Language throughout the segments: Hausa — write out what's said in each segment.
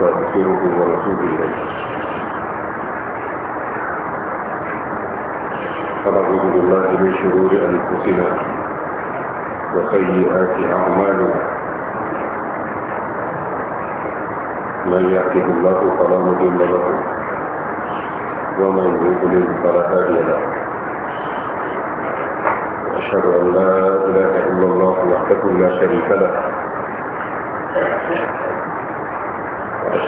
واستغفره ورسوله اليه فنعوذ بالله من شرور انفسنا وسيئات اعمالنا من يهده الله فلا مضل له ومن يضلل فلا هادي له واشهد ان لا اله الا الله وحده لا شريك له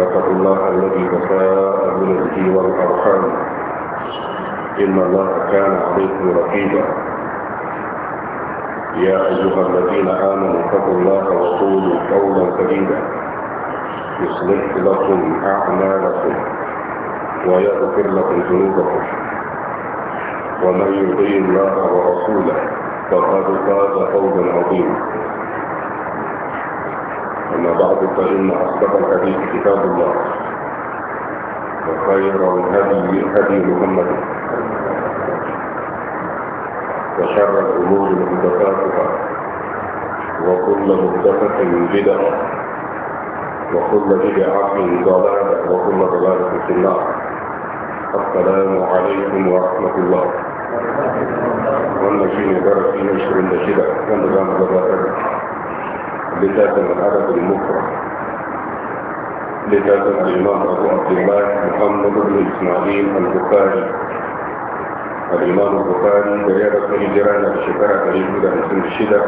واتقوا الله الذي تساءلون به والارحام ان الله كان عليكم رقيبا يا ايها الذين امنوا اتقوا الله وقولوا قولا سديدا يصلح لكم اعمالكم ويغفر لكم ذنوبكم ومن يطيع الله ورسوله فقد فاز فوزا عظيما أما بعد فإن أصدق الحديث كتاب الله وخير الهدي هدي محمد وشر الأمور محدثاتها وكل محدثة بدعة وكل بدعة ضلالة وكل ضلالة في النار السلام عليكم ورحمة الله والنشين درسي نشر النشيدة كان نظام لتاتم العرب المكرم لتاتم الإمام أبو عبد الله محمد بن إسماعيل البخاري الإمام البخاري دائرة الهجران بشكرة قريب من سن الشدة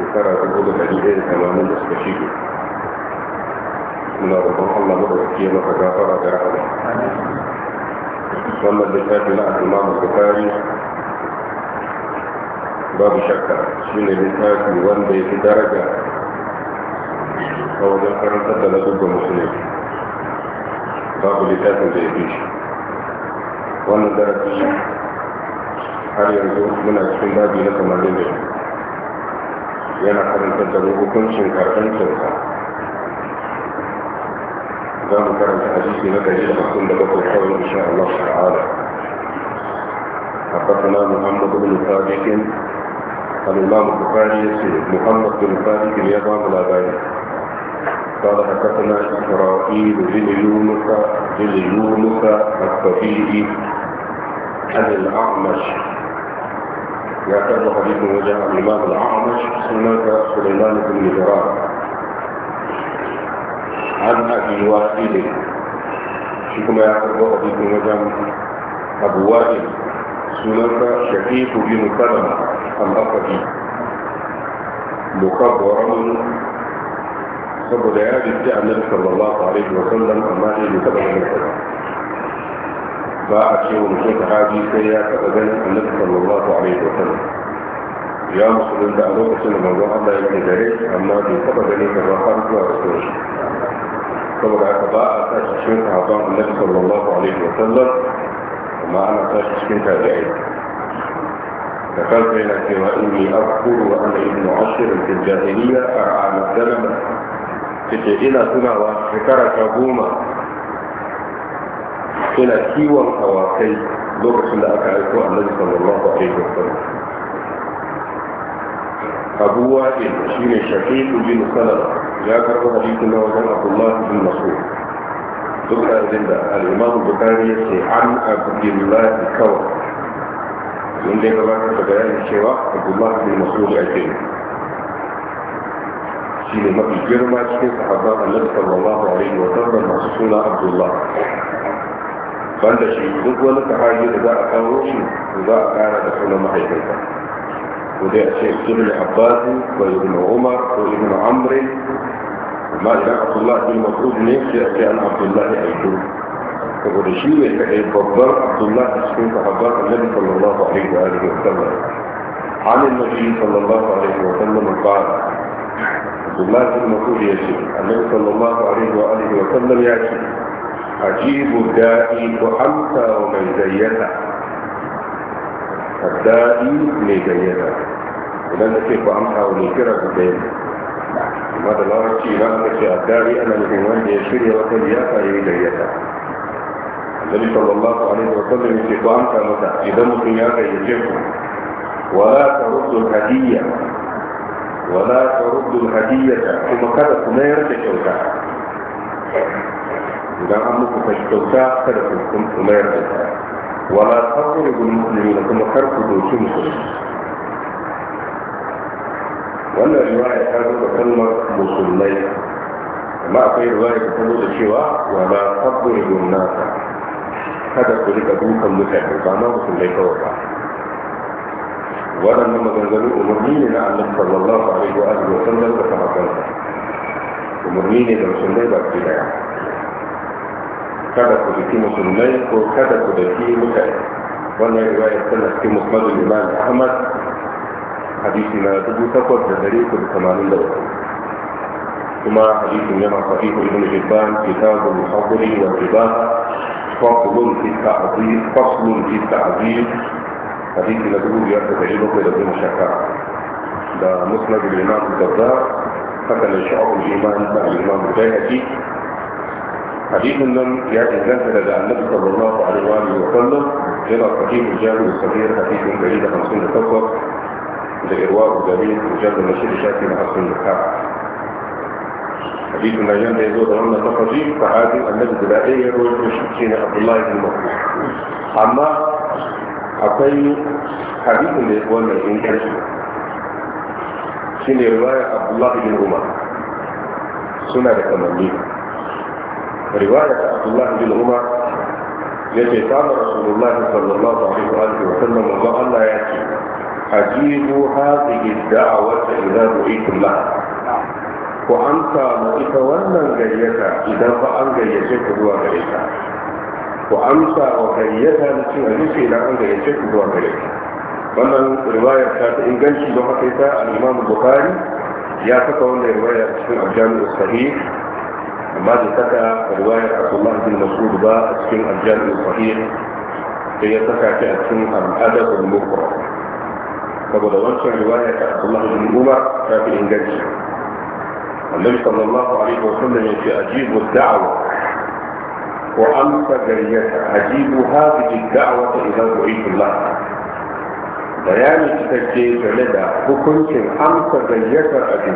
شكرة تقول إيه الحديثين تماما تستشيكي من ربنا الله مدرسكي متكافرة رحمه محمد بن الامام البخاري babu shakka shi ne littafi wanda ya fi daraja a wajen karantar da ladubba musulmi babu littafin da ya fi shi wannan darasi har yanzu muna cikin babi na samarin da yana karantar da hukuncin karɓar kyauta za mu karanta hadisi na gari da mutum da bakwai kawai insha Allah ta'ala حدثنا محمد بن ثابت الإمام البخاري محمد بن خالد اليمام الأباني قال حدثنا إسرائيل بن يونس بن يونس الصفيدي عن الأعمش يعتبر حديث وجاء الإمام الأعمش سنة سليمان بن مهران عن أبي وائل شكما يعتبر حديث وجاء أبو وائل سنة شقيق بن سلمة حمرقة دي مكبرا سبب دعاء بتاع النبي صلى الله عليه وسلم أما هي بسبب الحمرقة باعت شيء ومشيك حاجي سيئة أبدا النبي صلى الله عليه وسلم يا مسلم ان الله سبحانه وتعالى الله الله يبني ذلك اما دي سبب اني كما قالت له رسوله سبب اي النبي صلى الله عليه وسلم ومعنا انا اتاش شكينك ذكرت إلى سوى إني أذكر وأنا ابن عشر في الجاهلية أرعى الزلمة تجي إلى سنة وشكرة كبومة إلى كيوى الحواكي لغة لا أكعرفها النبي صلى الله عليه وسلم أبو وائل شين شقيق بن سلمة جاء كرب حديث الله وجل عبد الله بن مسعود ذكر الإمام البخاري عن عبد الله كوكب من دي بقى بيان الشيخ عبد الله بن مسعود الجيني في مكتبه الجامعه حضر النبي صلى الله عليه وسلم الرسول عبد الله فانت شيء دوك ولا تحاجي اذا اقروش اذا قال دخل ما حيبقى ودي اشياء ابن عباس وابن عمر وابن عمري ما جاء عبد الله بن مسعود نفسه كان عبد الله ايضا الرجيم البدر عبد الله بن حضر النبي صلى الله عليه واله وسلم عن النبي صلى الله عليه وسلم قال عبد الله بن مسعود يجيب النبي صلى الله عليه واله وسلم يجيب عجيب الدائي وحمسى ومن زينا الدائي من زينا ولن تكيف عمسى ونكرى بدائي ماذا لا رجي لا رجي الدائي nabi sallallahu alaihi wa sallam yake ko an samu ta idan mutum ya gayyace ku wala taruddu hadiyya wala taruddu hadiyyata kuma kada ku mayar da kyauta idan an muku kai kyauta kada ku mayar da kyauta wala taqribu al-muslimina kuma kar ku doki musulmi wannan riwaya ta akwai riwaya ta da cewa wala kada ku rika dukan mutane ba ma musulmai kawai ba waɗannan maganganu umarni ne na Allah sallallahu alaihi wa alihi wa sallam da kuma sahabbansa umarni ne da musulmai ba su daya kada ku duki musulmai ko kada ku daki mutane wannan riwaya tana cikin musnadul imam ahmad hadisi na dubu takwas da dari ku da tamanin da uku kuma hadisin yana sahihu ibn hibban kitabul haqli wal ibada فصل في التعظيم فصل في التعظيم حديث نبيه يرتفعينه في لبن شكا ده مسند الإمام الجزار حسن شعب الإيمان مع الإمام البيهقي حديث لم يتزلزل لدى النبي صلى الله عليه وآله وسلم إلى الحكيم الجامع الصغير حديث بعيد 50 فصل لإرواء الجميل وجد النشيد شاكي مع السنة حديث ما النجاة يزود عنا تقضي فهذه النبي البلائية والمشركين عبد الله بن مسعود أما أقول حديث الإخوان الإنجليز شنو رواية عبد الله بن عمر سنة كمالية رواية عبد الله بن عمر يجي كان رسول الله صلى الله عليه وآله وسلم الله لا يأتي أجيبوا هذه الدعوة إذا دعيتم لها ku amsa mu ita wannan gayyata idan ba an gayyace ku zuwa gare ta ku amsa wa gayyata na cin abinci idan an gayyace ku zuwa gare ta wannan riwaya ta ta inganci don haka ita al-Imam Bukhari ya saka wannan riwaya cikin al-Jami' sahih amma da saka riwaya Abdullah bin Mas'ud ba a cikin al-Jami' sahih sai ya saka ta a cikin al-Adab al-Mufrad saboda wancan riwaya ta Abdullah bin Umar ta fi inganci النبي صلى الله عليه وسلم يقول أجيب الدعوة وأنت جريتها أجيب هذه الدعوة إذا دعيت الله بيان تكتي لدى حكمت أنت جريتها أجيب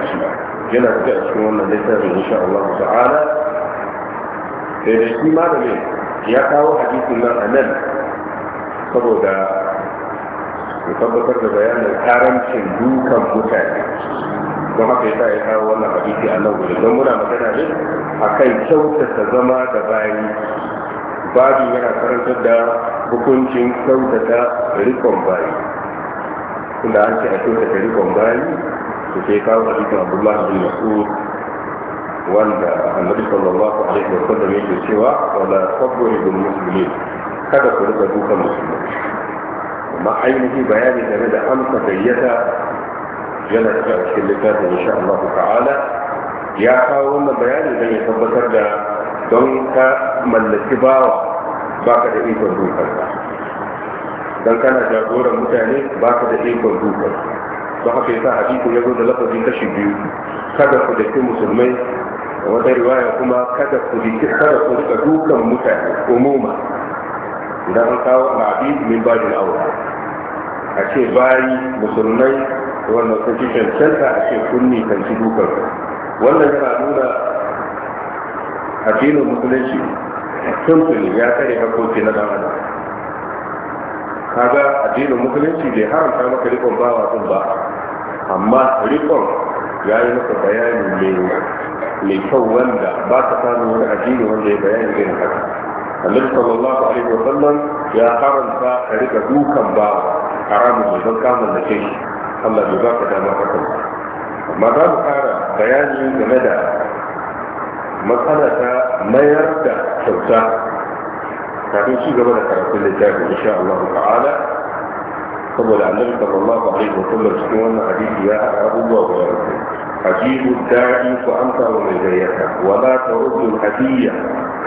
جلد تأسكون لتر إن شاء الله تعالى da shi malamin ya kawo hadisin nan a nan saboda ya tabbatar da bayanin karancin dukan mutane don haka sa ya kawo wannan hadisi a nan wuri don muna magana ne kan kyautata zama da bayi babu yana karantar da hukuncin kyautata rikon bayi tunda an ce a kyautata rikon bayi su ke kawo hadisin abdullahi bin mas'ud wanda annabi sallallahu alaihi wa sallam yake cewa wala sabbu bil muslimin kada ku rika dukan musulmi amma ainihi bayani game da amsa gayyata yana cikin cikin littafin insha Allah ta'ala ya kawo wannan bayani don ya tabbatar da don ka mallaki bawa ba ka da ikon dukkan don kana jagoran mutane ba ka da ikon dukan don haka yasa hadisi ya zo da lafazi kashi biyu kada ku daki musulmai wata riwaya kuma kada ku daki kada ku rika dukan mutane umuma idan an kawo rabi min bajin aure a ce bayi musulmai wannan sun fi cancanta a ce kan nisanci dukan wannan yana nuna addinin musulunci tuntuni ya kare hakoki na dan adam kaga addinin musulunci bai haramta maka rikon bawa sun ba amma rikon ya yi maka bayani mai kyau wanda ba ta samun wani addini wanda ya bayani irin haka Allah sallallahu alaihi wa sallam ya haramta ka rika dukan bawa haramun ne don kamun da kai Allah bai ba ka dama haka ba amma ba mu fara bayani game da matsala ta mayar da kyauta kafin ci gaba da karatun littafin insha Allah ta'ala saboda annabi sallallahu alaihi wa sallam cikin wannan hadisi ya haɗa abubuwa guda uku ajibu da'i ku amsa wa mai gayyata la taruddu hadiyya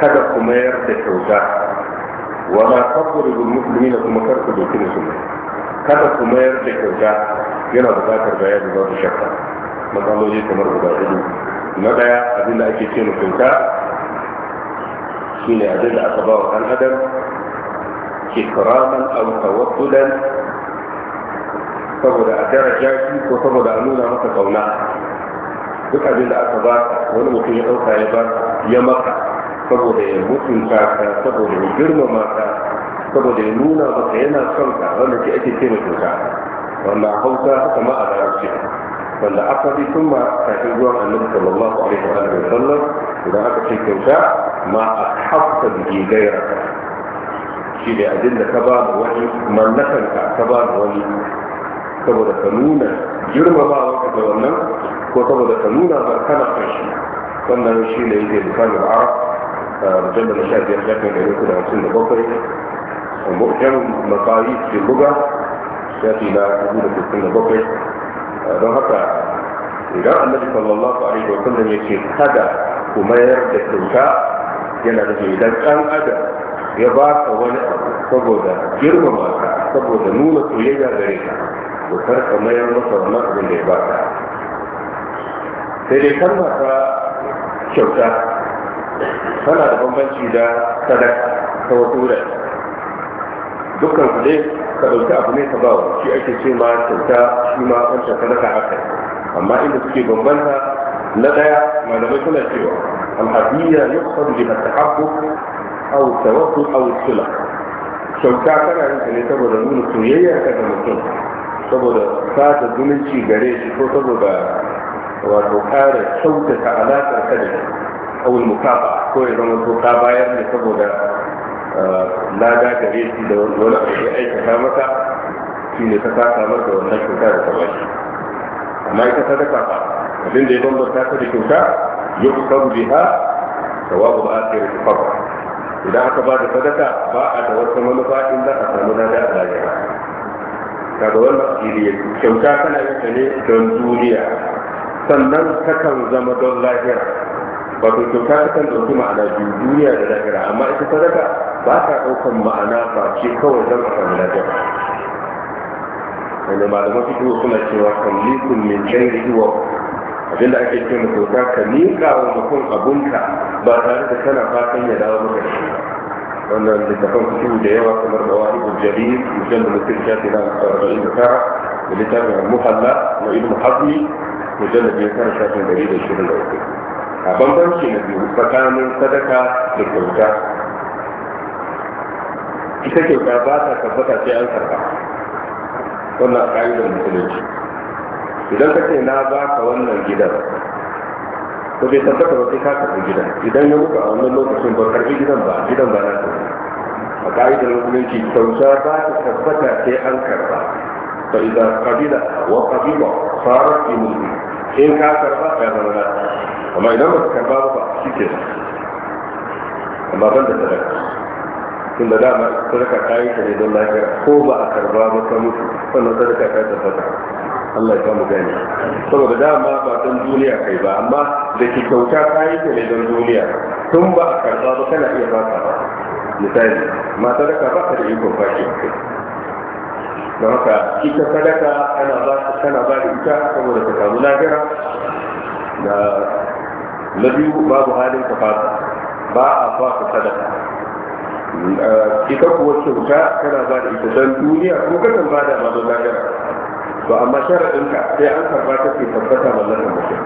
kada ku mayar da kyauta wala taqribu al-muslimina kuma karku dokin su kada ku mayar da kyauta yana bukatar bayani babu shakka matsaloli kamar guda hudu na daya abinda ake ce mutunta shine abin da aka ba wa ɗan adam kikraman aw tawassulan saboda a daraja shi ko saboda a nuna maka kauna duk abin da aka ba wani mutum ya ɗauka ya ba ya maka saboda ya mutunta ka saboda ya girmama ka saboda ya nuna maka yana son ka wanda ke ake ce mutunta wanda a hausa haka ma a larabci wanda asali sun ma kafin zuwan annabi sallallahu alaihi wa sallam idan aka ce kyauta ma a hafsa da ke gaira shi ne abin da ka ba da wani mallakanka ka ba da wani saboda ka nuna girmamawa ka da wannan ko saboda ka nuna kana kan shi wannan shi ne yake da a arab mujallar na sha biyar shafin ɗari uku da hamsin da bakwai mu'jan masayi ke buga shafi na 67 don haka idan annabi sallallahu alaihi wa sallam yake kada ku mayar da kyauta yana da idan ɗan adam ya ba ka wani abu saboda girmama ka saboda nuna soyayya gare ka to kar ka mayar masa wannan abin da ya ba ka sai dai kalma ta kyauta tana da bambanci da sadaka ta wasu wurare dukkan su dai ka dauki abu ne ka bawa shi ake ce ma kyauta shi ma wancan sadaka haka amma inda suke bambanta na daya malamai suna cewa alhadiyya yuqsadu bi at-tahabbu aw tawakkul au sula kyauta kana yin ta ne saboda nuna soyayya ka da mutum saboda sada zumunci gare shi ko saboda wato kare ta alaƙar ka da shi aw mukafa ko ya zama to ka bayar ne saboda lada gare shi da wani abu ya aikata maka shi ne ta saka maka wannan kyauta da ta bashi amma ita ta sadaka fa abin da ya bambanta ta da kyauta ya kusaru biha tawabu ba a tsere ta farko idan aka ba da sadaka ba a da wata manufa in za a samu lada a lahira kaga wannan asiri kyauta tana yin ta ne don duniya sannan takan zama don lahira wato kyauta kan ɗauki ma'ana biyu duniya da lahira amma ita sadaka ba ta ɗaukan ma'ana ba ce kawai don a samu lafiya wanda malaman fito suna cewa tamlikun min gairi wa abin da ake cewa kyauta ka miƙa wa mutum abunka ba tare da kana fatan ya dawo maka shi wannan littafan fito da yawa kamar da wani bujjari mutum da mutum shafi na arba'in da tara da littafin muhalla na ilmu hazmi mujallar biyar tara shafin ɗari da shirin da uku a bambanci na biyu tsakanin sadaka da kyauta ita kyauta ba ta tabbata sai an karba wannan ka'idar musulunci idan ka ce na ba ka wannan gidan to bai tabbata ba sai ka karbi gidan idan ya muka a wannan lokacin ba karbi gidan ba gidan ba na ta a ka'idar musulunci kyauta ba ta tabbata sai an karba Ba idan kabila wa kabila farar imuni in ka karba ya zama na amma idan ba ka karba ba shi ke amma ban da sadaka tun da dama sadaka ta yi ta ne don lafiya ko ba a karba ba ta mutu wannan sadaka ta tabbata Allah ya samu gani saboda dama ba don duniya kai ba amma da ke kyauta ta yi ta ne don duniya tun ba a karba ba kana iya ba ba misali ma sadaka ba ka da ikon fashi don haka ita sadaka kana ba kana ba da ita saboda ka samu lafiya da na biyu babu halin ka fasa ba a fasa sadaka Eh, ita kuwa kyauta kana ba da ita don duniya ko kakan ba da ma don to amma sharaɗinka sai an karba ta ke tabbata mallakar mutum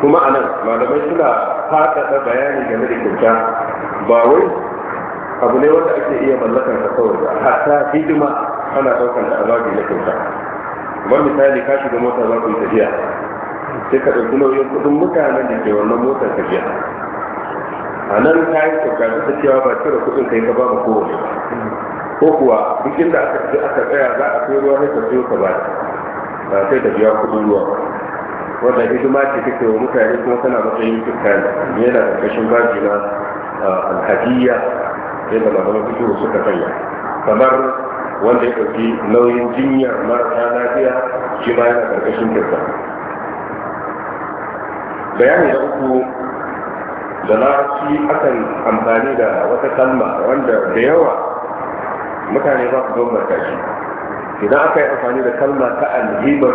kuma a nan malamai suna faɗaɗa bayani game da kyauta ba wai abu ne wanda ake iya mallakar ka kawai ba hatta hidima ana ɗaukar da ababi na kyauta kamar misali ka shiga mota za ku yi tafiya sai ka ɗauki nauyin kuɗin mutanen da ke wannan motar tafiya a nan ta yi tsakanin da cewa ba cire kudin kai ka ba ba kowace ko kuwa duk inda aka ji aka tsaya za a kai ruwa sai ka siyo ka ba ba sai ka biya kuɗin ruwa wanda hidima ce kake wa mutane kuma tana matsayin ne. yana da kashin baji na sai da malaman fito suka sanya kamar wanda ya ɗauki nauyin jinya marasa lafiya shi ma yana ƙarƙashin kirka bayani na uku da shi akan amfani da wata kalma wanda da yawa mutane ba su bambanta shi idan aka yi amfani da kalma ta alhiba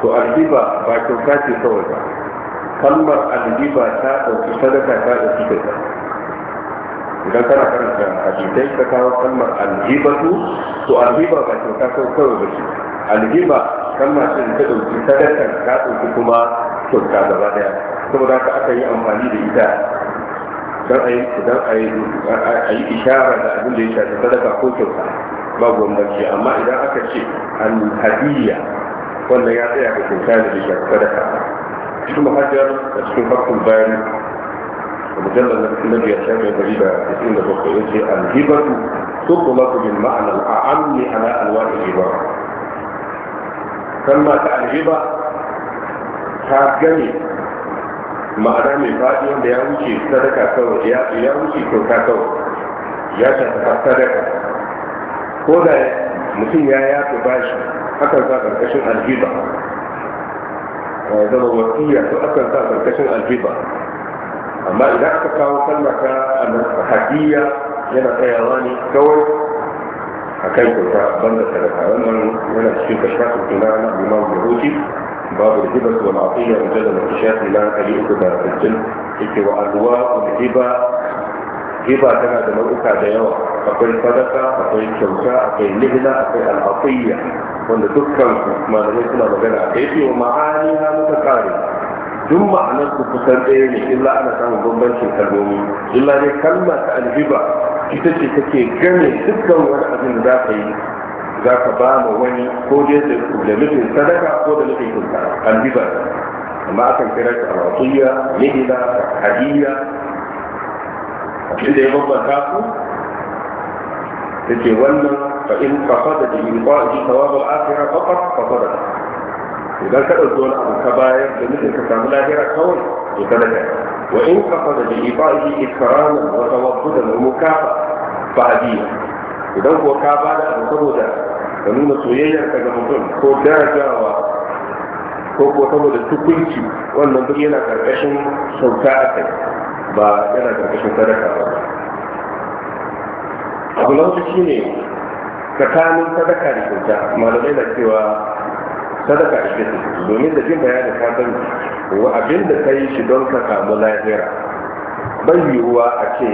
to alhiba ba kyauta ce kawai ba kalmar alhiba ta ɗauki sadaka ta ɗauki kyauta idan kana karanta hadisai ka kawo kalmar alhiba to alhiba ba kyauta kawai ba ce alhiba kalma ce ta ɗauki sadaka ta ɗauki kuma kyauta gaba ɗaya saboda haka aka yi amfani da ita don a yi ishara da abin da ya shafi sadaka ko kyauta ba gwamnati amma idan aka ce an hadiyya wannan ya tsaya ga kyauta da ya shafi sadaka cikin mahajar da cikin farkon bayan mujallar na cikin nabiya shafi dari da cikin da bakwai ya ce alhibatu tukulatu bin ma'anar a ne a'amni ala alwa'i ibara kalma ta alhiba ta gane ma'ana mai faɗi wanda ya wuce sadaka kawai ya wuce kyauta kawai ya shafa sadaka ko da mutum ya ya fi bashi akan sa ƙarƙashin aljiba a zama wasiya to akan sa ƙarƙashin aljiba amma idan aka kawo sallaka hadiyya yana tsayawa ne kawai a kan kyauta banda sadaka wannan yana cikin kashfa tuntuna na limamu Yahudi باب الهبة والعطية مجلد الكشاف إلى أليك بالجن إك وأنواع الهبة هبة تنا دموئك ديوة أقول صدقة أقول شوكة أقول لهنة أقول العطية وأن تذكر ما نمسنا مجلع إيدي ومعانيها متقاربة duk ma'anar su kusan ɗaya ne illa ana samun bambancin kalmomi illa dai kalmar alhiba ita ce take gane dukkan wani abin da za ka yi za ka ba mu wani ko dai da nufin sadaka ko da nufin kyauta an bi amma akan kira shi a wasiyya mihila hadiyya inda ya bambanta ku yake wannan fa in fasada da in qa'i thawab al-akhirah faqat fasada idan ka dauki wani abu ka bayar da nufin ka samu lahira kawai to sadaka wa in fasada da iqa'i ikraman wa tawaddudan wa mukafa fa hadiyya idan ko ka bada abu saboda ka nuna soyayya ka ga mutum ko darajawa ko ko saboda tukunci wannan duk yana karkashin sauka a kai ba yana karkashin sadaka ba abu na wasu shi ne tsakanin sadaka da kyauta malamai na cewa sadaka a shi domin da jin bayani ka san wa abin da ka yi shi don ka samu lahira bai yiwuwa a ce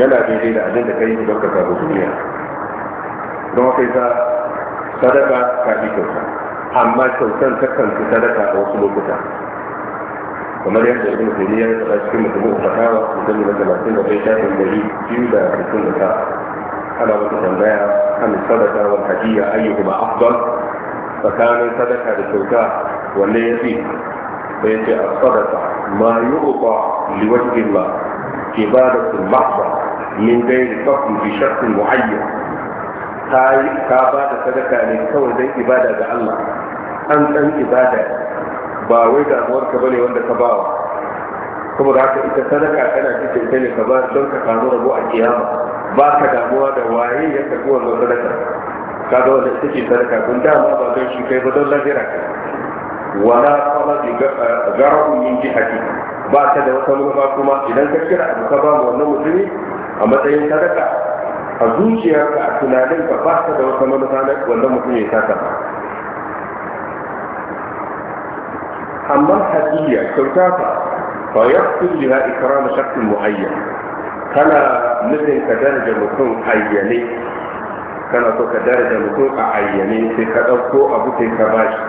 yana daidai da abin da ka yi shi don ka samu duniya don haka yasa sadaka ta fi kyauta amma kyautar ta kanci sadaka a wasu lokuta kamar yadda ibn taymiya ya faɗa cikin mutumin fatawa mutum na talatin da bai shafin dari biyu da hamsin da ta ana wata tambaya kan sadaka wal hadiya ayyuhuma afdal tsakanin sadaka da kyauta wanne ya fi sai ce a sadaka ma yi uba liwajin ba ke ba da sun mahba min gairi kafin bishafin mu'ayyar ka ba da sadaka ne kawai don ibada ga Allah an ɗan ibada ba wai damuwar ka bane wanda ka bawa saboda haka ita sadaka kana cikin ta ne ka ba don ka samu rabo a kiyama ba ka damuwa da waye ya tafi wannan sadaka ka ga wanda take sadaka kun dama ba don shi kai ba don lahira wala kuma bi eh, garu min jihati ba ta da wata mulka kuma idan ka kira abu ka ba wannan mutumi a matsayin sadaka a zuciyarka a tunanin ka ba ka da wata manufa na wannan mutum ya saka ba amma hadiyya kyauta fa fa yaqtul liha ikram shakhs muayyan kana nufin ka daraja mutum ayyane kana so ka daraja mutum a ayyane sai ka ɗauko abu sai ka bashi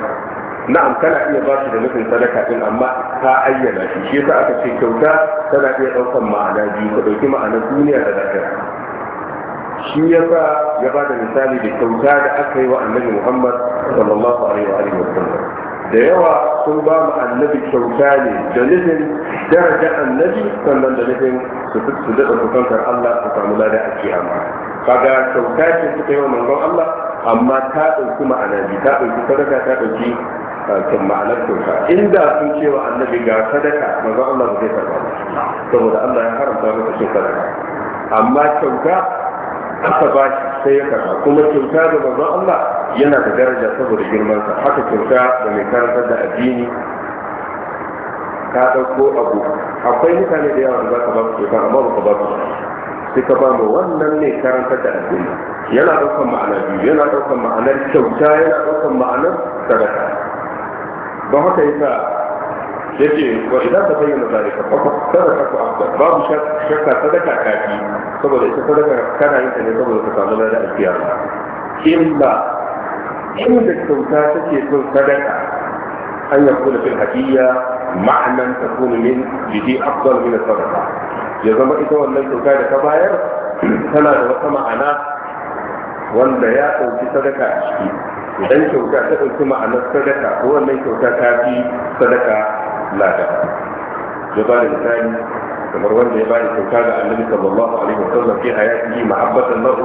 na'am kana iya ba shi da nufin sadaka din amma ka ayyana shi shi yasa aka ce kyauta tana iya ɗaukan ma'ana biyu ka ɗauki ma'anar duniya da lafiya shi ya sa ya ba da misali da kyauta da aka yi wa annabi muhammad sallallahu alaihi wa alihi wasallam da yawa sun ba mu annabi kyauta ne da nufin daraja annabi sannan da nufin su su daɗa kusantar allah su samu lada a kiyama kaga kyauta ce suka yi wa manzon allah amma ta ɗauki ma'ana bi ta ɗauki sadaka ta ɗauki kan ma'anar kyauta inda sun ce wa annabi ga sadaka manzon allah zai karɓa ba saboda allah ya haramta masa cin sadaka amma kyauta aka ba shi sai ya karba kuma kyauta da manzon Allah yana da daraja saboda girman sa haka kyauta da mai karanta da addini ka dauko abu akwai mutane da yawa da za ka ba su kyauta amma ba ka ba su sai ka ba mu wannan ne karantar da addini yana ɗaukan ma'ana biyu yana ɗaukan ma'anar kyauta yana ɗaukan ma'anar sadaka ba haka yasa yace wa idan ta bayyana zalika fa sadaka ku afdal babu shakka sadaka kafi saboda ita sadaka kana yin ta ne saboda ka samu ladan alkiyama illa inda kyauta take son sadaka an yakuna fil hadiyya ma'anan takunu min bihi afdal min sadaqa ya zama ita wannan kyauta da ka bayar tana da wata ma'ana wanda ya ɗauki sadaka a ciki idan kyauta ta ɗauki ma'anar sadaka ko wannan kyauta ta fi sadaka lada ya ba da misali kamar wanda ya ba da kyauta ga annabi sallallahu alaihi wa sallam fi hayatihi mahabbatan lahu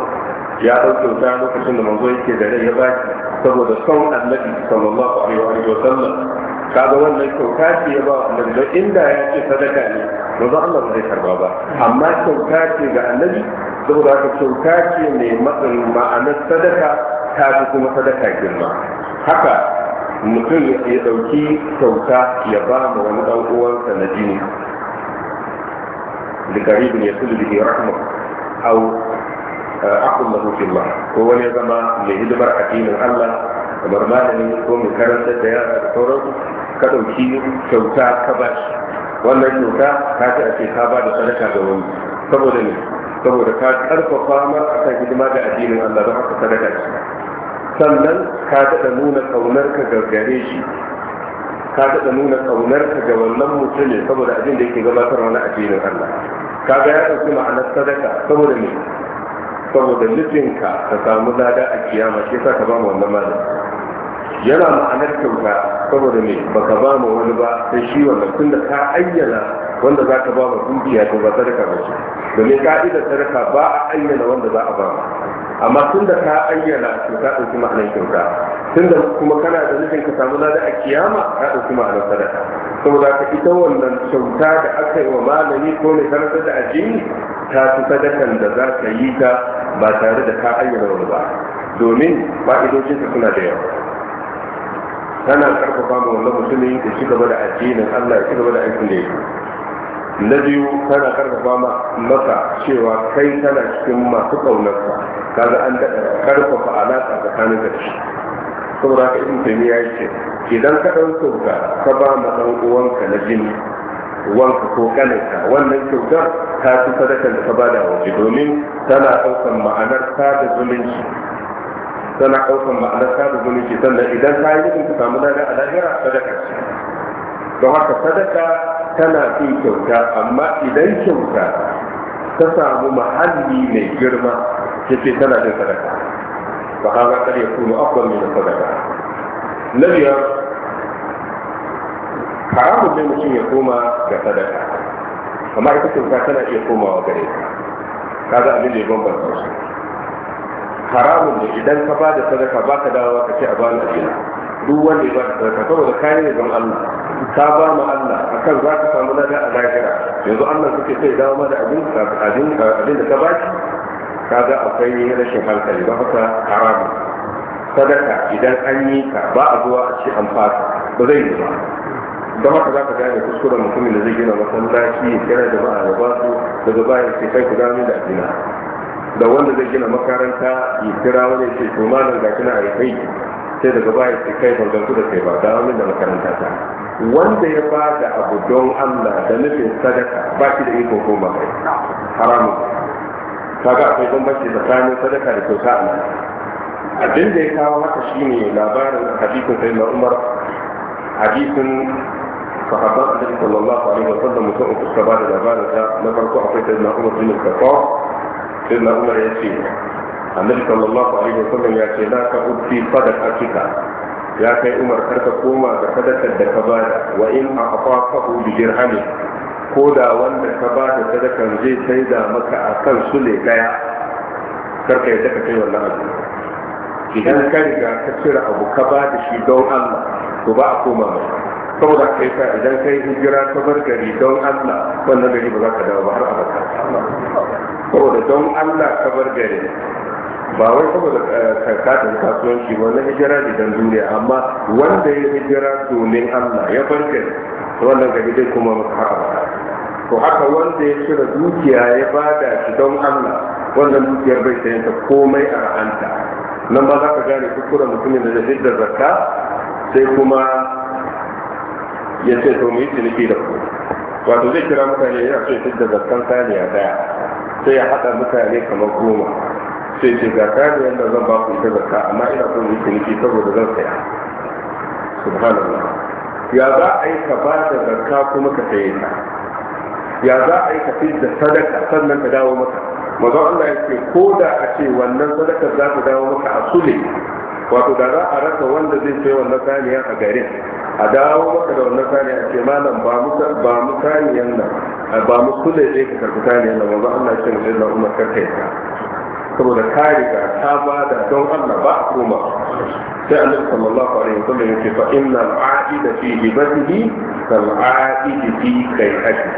ya ɗau kyauta lokacin da manzo yake da rai ya ba saboda son annabi sallallahu alaihi wa sallam kaga wannan kyauta ce ya ba annabi don inda ya ce sadaka ne manzo Allah ba zai karba ba amma kyauta ce ga annabi saboda haka kyauta ce mai matsin ma'anar sadaka ta fi kuma sadaka girma haka mutum ya ɗauki kyauta ya ba ma wani ɗan uwansa na jini likaribin ya sulu bihi rahma aw eh, aqul lahu fillah ko wani zama mai hidimar addinin Allah kamar malami ko mai karantar da yara da sauransu ka ɗauki kyauta ka ba shi wannan kyauta ka ce a ce ka ba da sadaka ga wani saboda ne saboda ka karfafa a akan hidima da addinin Allah don haka sadaka ce sannan ka daɗa nuna ƙaunarka ga gare shi ka daɗa nuna ƙaunarka ga wannan mutumin saboda abin da yake gabatar wani addinin Allah ka ga ya ɗauki ma'anar sadaka saboda ne saboda nufinka ka samu lada a kiyama shi sa ka ba mu wannan malam yana ma'anar kyauta saboda ba baka ba mu wani ba sai shi wannan tunda ka ayyana wanda za ka ba mu dukiya to ba sadaka ba ce domin ka'idar sadaka ba a ayyana wanda za a ba mu amma tun da ka ayyana to ka ɗauki ma'anar kyauta tun da kuma kana da nufin ka samu lada a kiyama ka ɗauki ma'anar sadaka saboda ka ita wannan kyauta da aka yi wa malami ko mai karantar da addini ta fi sadakan da za ka yi ta ba tare da ka ayyana wani ba domin ka suna da yawa tana karfafa ma wannan mutumin da ci gaba da addinin Allah ya ci gaba da aikin da ya yi. na biyu kana karfafa maka cewa kai kana cikin masu ƙaunarsa, kaga an daɗa karfafa alaƙa tsakanin da shi saboda ka ibn taymiya ya ce idan ka ɗan kyauta ka ba ma ɗan uwanka na jini wanka ko kanaka wannan kyautar ta fi sadakar da ka bada waje domin tana ɗaukar ma'anar ta da zumunci tana ma'anar ta da zumunci sannan idan ta yi ka samu dada a lahira sadaka ce don haka sadaka tana fi kyauta amma idan kyauta ta samu mahalli mai girma ya ce tana jin sadaka ba ka za kare kuma abuwan mai sadaka na biyar haramun ne mutum ya koma ga sadaka amma ita kyauta tana iya komawa gare ka kaga abin da ya bambanta su haramun ne idan ka ba da sadaka ba ka dawowa ka ce a bani abin duk wanda ya ba ka sadaka saboda kayi ne zan Allah Ta ba mu Allah kan za ka samu na a lahira yanzu Allah suke sai dawo ma da abin da ka ba shi Ka ga akwai rashin hankali ba haka haramu sadaka idan an yi ka ba a zuwa a ci an fata ba zai yi ba don haka za ka gane kuskuren mutumin da zai gina masallaci ya kira jama'a ya ba su daga baya sai kai ku gano da abina da wanda zai gina makaranta ya kira wani ce to malam ga kina a yi kai sai daga baya sai kai ban da kai ba da wani da makaranta ta wanda ya ba da abu don Allah da nufin sadaka ba shi da iko ko makai haramun kaga akwai bambanci tsakanin sadaka da kyauta a nan abin da ya kawo haka shine labarin hadisin sai na Umar hadisin sahabban annabi sallallahu alaihi wa sallam mutum uku suka ba da labarin ta na farko akwai sai na Umar bin Khattab sai na Umar ya ce annabi sallallahu alaihi wa sallam ya ce la ka ubti sadaqatika ya kai umar karka koma ga sadakar da ka bada wa in aqaqahu bi dirhami ko da wanda ka bada sadakar zai saida maka akan sule daya karka yadda ka kai wannan abu idan ka riga ka cire abu ka bada shi don Allah to ba a koma maka saboda kai ka idan kai hijira ta bar gari don Allah wannan gari ba za ka dawo ba har abada saboda don Allah ka bar gari ba wai saboda eh, karkatar kasuwanci ba na hijira da dan duniya amma wanda ya hijira domin Allah ya banke wannan gari dai kuma maka haka to haka wanda ya cire dukiya ya bada shi don Allah wannan dukiyar bai ta komai a ra'anta nan ba za ka gane kuskure mutumin da ya da zakka sai kuma ya ce to mu yi ciniki da ku wato zai kira mutane yana so ya da zakkan saniya daya sai ya haɗa mutane kamar goma sai ce ga kare yadda zan ba ku ita zakka amma ina son yi ciniki saboda zan saya subhanallah ya za a yi ka ba da zakka kuma ka saye ta ya za a yi ka fi da sadaka sannan ka dawo maka maza Allah ya ce ko da a ce wannan sadaka za ta dawo maka a sule wato da za a rasa wanda zai sai wannan saniya a garin a dawo maka da wannan saniya a ce malam ba mu ba mu saniyan nan ba mu sule ne ka karbi saniyan nan maza Allah ya ce na Allah na umar karkai saboda ka riga ta ba da don Allah ba a koma sai annabi sallallahu alaihi wasallam yake fa innal aida fi hibatihi kal aidi fi kayhati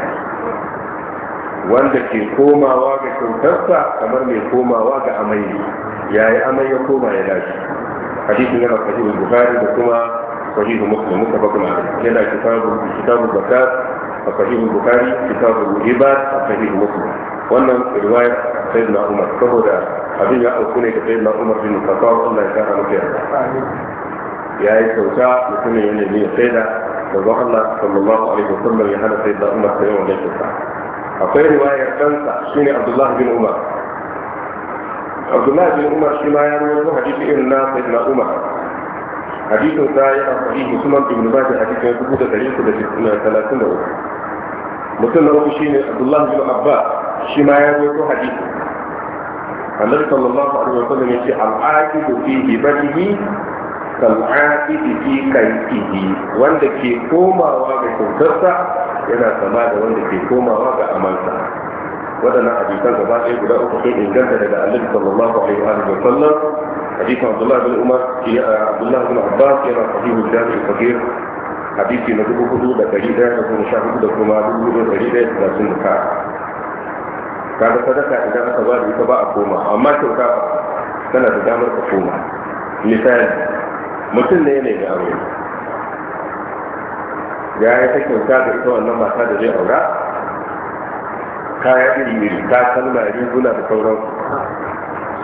wanda ke komawa ga kyautarsa kamar mai komawa ga amai yayi amai ya koma ya dace hadisin yana sahih bukhari da kuma sahih muslim muka kuma yana kitabu kitabu a sahih bukhari kitabu a sahih muslim wannan riwaya sai na umar saboda abin ya auku ne da sai na umar bin kasuwa Allah ya kara maka yarda ya yi kyauta mutumin yana ne ya sai da daga Allah sallallahu alaihi wa sallam ya hana sai da umar sai wannan kyauta akwai riwayar ɗansa shine Abdullah bin Umar Abdullah bin Umar shi ma ya rawaito hadisi irin na sayyidina Umar hadisin sa ya sahihi Sunan Ibn Majah da uku. mutum na shi ne abdullahi bin Abba shi ma ya rawaito hadisi annabi sallallahu alaihi wasallam yace al-aqidu fi hibatihi kal aqidu fi kaytihi wanda ke komawa ga kyautarsa yana sama da wanda ke komawa ga amalsa waɗannan hadisan gaba ɗaya guda uku sun inganta daga annabi sallallahu alaihi wa sallam hadisin abdullahi bin umar eh, abdullahi bin abbas yana sahihu jami'ul fakir hadisi na dubu hudu da dari daya da kuma sha hudu da kuma dubu da dari daya da sun ka tara sadaka idan aka ba da ita ba a koma amma kyauta tana da damar ka koma misali mutum ne ne da aure ya yi ta kyauta da ita wannan mata da zai aura kaya iri iri ta kalma riguna da sauransu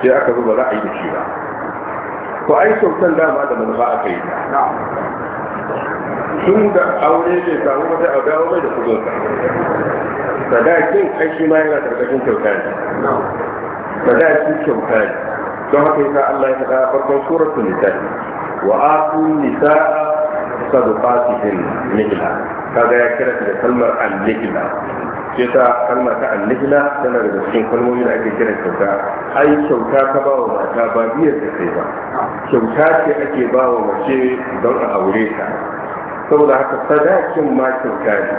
sai aka zuba za a yi da shi ba ko ai kyautan dama da manufa aka yi tun da aure bai samu wata a dawo mai da kudin ka sadakin aiki ma yana karkashin kyauta ne sadakin kyauta ne don haka yasa Allah ya faɗa farkon suratul nisa wa atu nisa sadaqatihin nikla kaga ya kira da kalmar al nikla sai ta kalmar ta al al-nikla tana daga cikin kalmomi da ake kiran kyauta ai kyauta ka ba wa mata ba biyar da kai ba kyauta ce ake ba wa mace don a aure ta saboda haka sadakin ma kyauta ne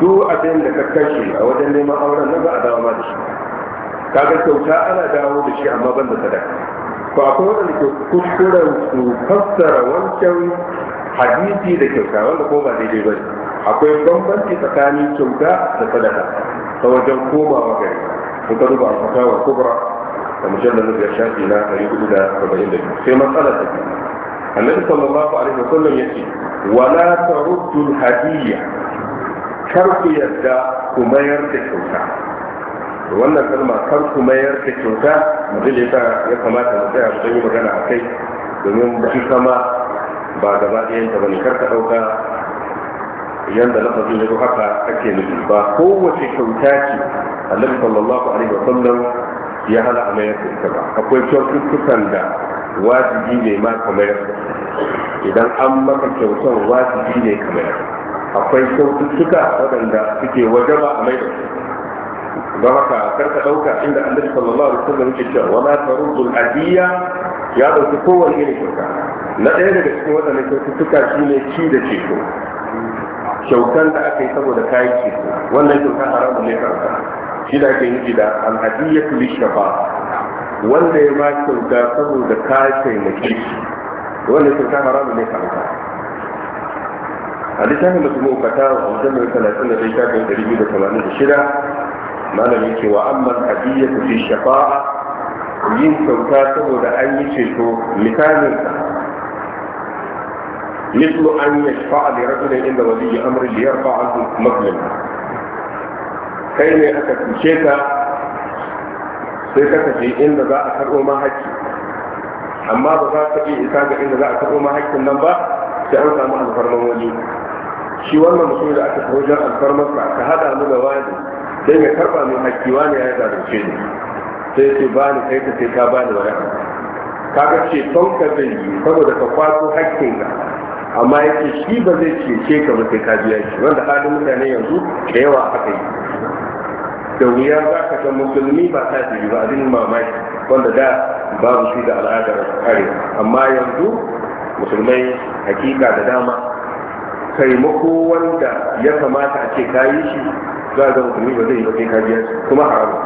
duk abin da ka kashe a wajen neman auren na ba a dawo ma da shi kaga kyauta ana dawo da shi amma ban da sadaka ko akwai wanda ke kuskuren su fassara wancan hadisi da kyauta wanda ko ba daidai ba akwai bambanci tsakanin kyauta da sadaka ta wajen komawa gari in ka duba alfatawa kubra da mujallar da shafi na 442 sai matsalar da annabi sallallahu alaihi wasallam yace wala taruddu hadiyya kar ku yadda ku mayar da kyauta wannan kalma kar ku mayar da kyauta mutum ya ya kamata mu tsaya mu yi magana a kai domin shi kama ba gaba ɗayan ta bane kar ka ɗauka yanda lafazin ya haka ake nufi ba kowace kyauta ce annabi sallallahu alaihi wasallam ya hana a mayar da ita ba akwai kyaututtukan da wajibi ne ma kamar idan an maka kyautar wajibi ne kamar akwai kyaututtuka waɗanda suke wajaba a mai da haka karka ɗauka inda annabi sallallahu alaihi wasallam yake cewa wala tarudul adiya ya ɗauki kowanne irin kyauta na ɗaya daga cikin waɗannan kyaututtuka shine ci da ceto kyautan da aka yi saboda kayan ceto wannan kyauta haramun ne karka shi da ake yi da alhadiyyatu lishafa wanda ya ma kyauta saboda ka taimake shi wanda kyauta haramun ne kamta a littafin da kuma ukata a wajen mai talatin da ɗai shafin ɗari biyu da tamanin da shida malamin cewa amma hadiyya ta fi shafa'a yin kyauta saboda an yi ceto misalinsa مثل أن يشفع لرجل عند ولي أمر ليرفع عنه مظلم كيف أتكشيك sai ka tafi inda za a karɓo ma amma ba za ka iya isa ga inda za a karɓo ma nan ba sai an samu alfarman wani shi wannan mutum da aka tafi wajen alfarmarsa ka haɗa mu da wani sai ya karɓa mai haƙƙi wani ya zalunce ni sai ce ba ni kai ka sai ka ba ni wani ga ce tonka zai yi saboda ka kwaso ka amma yake shi ba zai cece ka ba sai ka biya shi wanda halin mutane yanzu da yawa aka yi da wuya za ka san musulmi ba ce ba abin mamaki wanda da babu shi da al'adar kare. amma yanzu musulmai hakika da dama taimako wanda ya kamata a ce ka yi shi za ga musulmi ba zai yi ba sai ka biya kuma haramu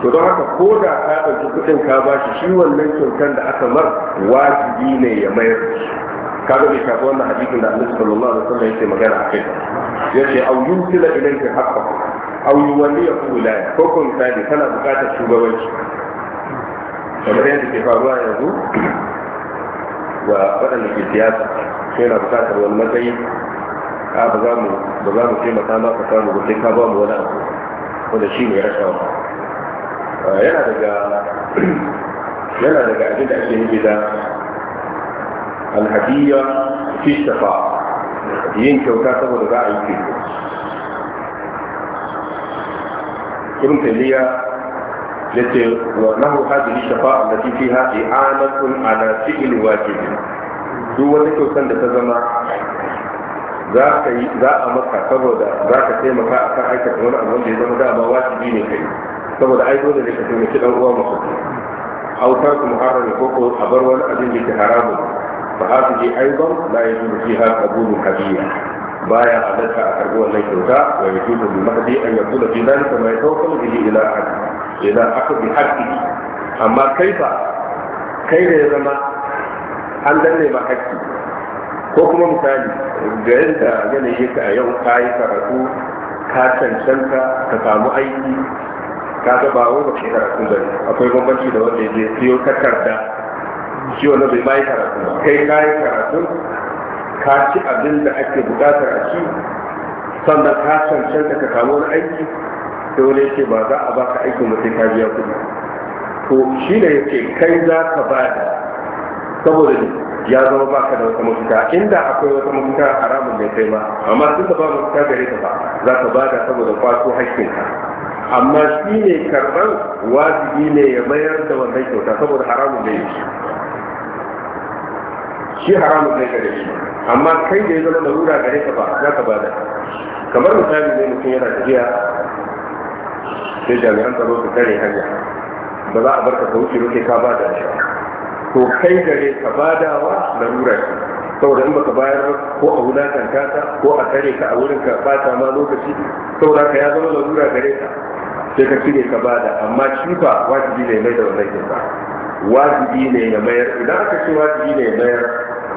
to don haka ko da ka ɗauki kuɗin ka ba shi shi wannan kyautar da aka mar wajibi ne ya mayar ka ga bai shafi wannan hadisin da annabi sallallahu alaihi wasallam yake magana a kai yace au yunsila ilayka haqqaka aw yuwalliyahu wilaya ko ko misali kana bukatar shugabanci kamar yadda ke faruwa yanzu ga waɗanda ke siyasa sai na bukatar wani matsayi a ba za mu ba za mu taimaka maka samu ba sai ka ba mu wani abu wanda shi ne rashawa yana daga yana daga abin da ake nufi da alhadiyya fi shafa yin kyauta saboda za a yi kyauta ibn taymiya yace wa lahu hadhihi shafa'a allati fiha i'anatun ala fi'l wajib duk wani kyautan da ta zama za yi za a maka saboda za ka taimaka a kan aikata wani abu da ya zama dama wajibi ne kai saboda ai dole ne ka taimaki dan uwa masu autar ku ko a bar wani abin da ke haramun fa hadhihi aidan la yajuzu fiha baya halatta a karbi wannan kyauta wa ya tuba bi mahdi an yabu da filan kama ya tawakkalu bihi ila ahad ila akadi haqqi amma kai ba, kai da ya zama an danne ma haqqi ko kuma misali ga yadda yanayi ka a yau ka yi karatu ka cancanta ka samu aiki ka ga ba wai baka karatu ba akwai bambanci da wanda ya siyo takarda shi wanda bai ma karatu ba kai ka yi karatu ka ci abin da ake bukatar a ci sannan ka cancanta ka samu wani aiki da wani yake ba za a baka aikin ba sai ka biya kudi to shi ne yake kai za ka ba da saboda ya zama baka da wata mafita inda akwai wata mafita haramun mai kai ma amma tun da ba mafita gare ka ba za ka ba da saboda kwato haƙƙinka amma shi ne karɓar wajibi ne ya mayar da wannan kyauta saboda haramun da yake shi haramun ne gare shi amma kai da ya zama larura gare ka ba za ka ba da kamar misali ne mutum yana tafiya sai jami'an tsaro su kare hanya ba za a bar ka wuce ba sai ka ba da shi to kai gare ka badawa larura ce saboda in baka bayar ko a wulakanta ta ko a kare ka a wurin ka bata ma lokaci saboda ka ya zama larura gare ka sai ka cire ka bada amma shi ba wajibi ne mai da wannan kinsa wajibi ne ya mayar idan aka ce wajibi ne ya mayar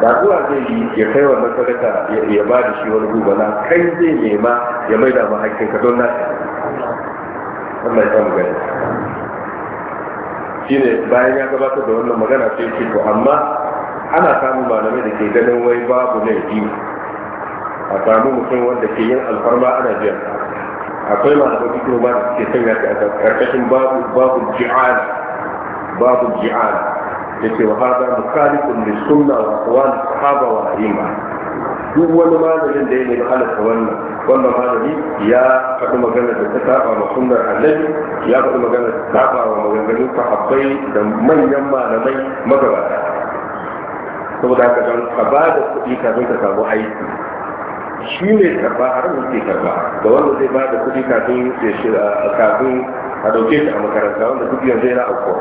da zai yi ya kai wa sadaka ya ba da shi wani gubana kai zai nema ya mai da mahaikin ka don na Allah ya samu gani ne, bayan ya gabatar da wannan magana sai ce to amma ana samun malamai da ke ganin wai babu laifi a samu mutum wanda ke yin alfarma ana biyan akwai malamai kuma ba da suke sanya ta a karkashin babu babu ji'ala babu ji'ala yace wa hada mukhalifun da sunna wa aqwal sahaba wa a'imma duk wani malamin da ya nemi halatta wannan wannan malami ya faɗi magana da ta saba wa sunnar annabi ya faɗi magana da ta saba wa maganganun sahabbai da manyan malamai magabata saboda haka don ka ba da kuɗi kafin ka samu aiki shi ne karba har muke karba da wanda zai ba da kuɗi kafin kafin a ɗauke shi a makaranta wanda duk yanzu yana aukuwa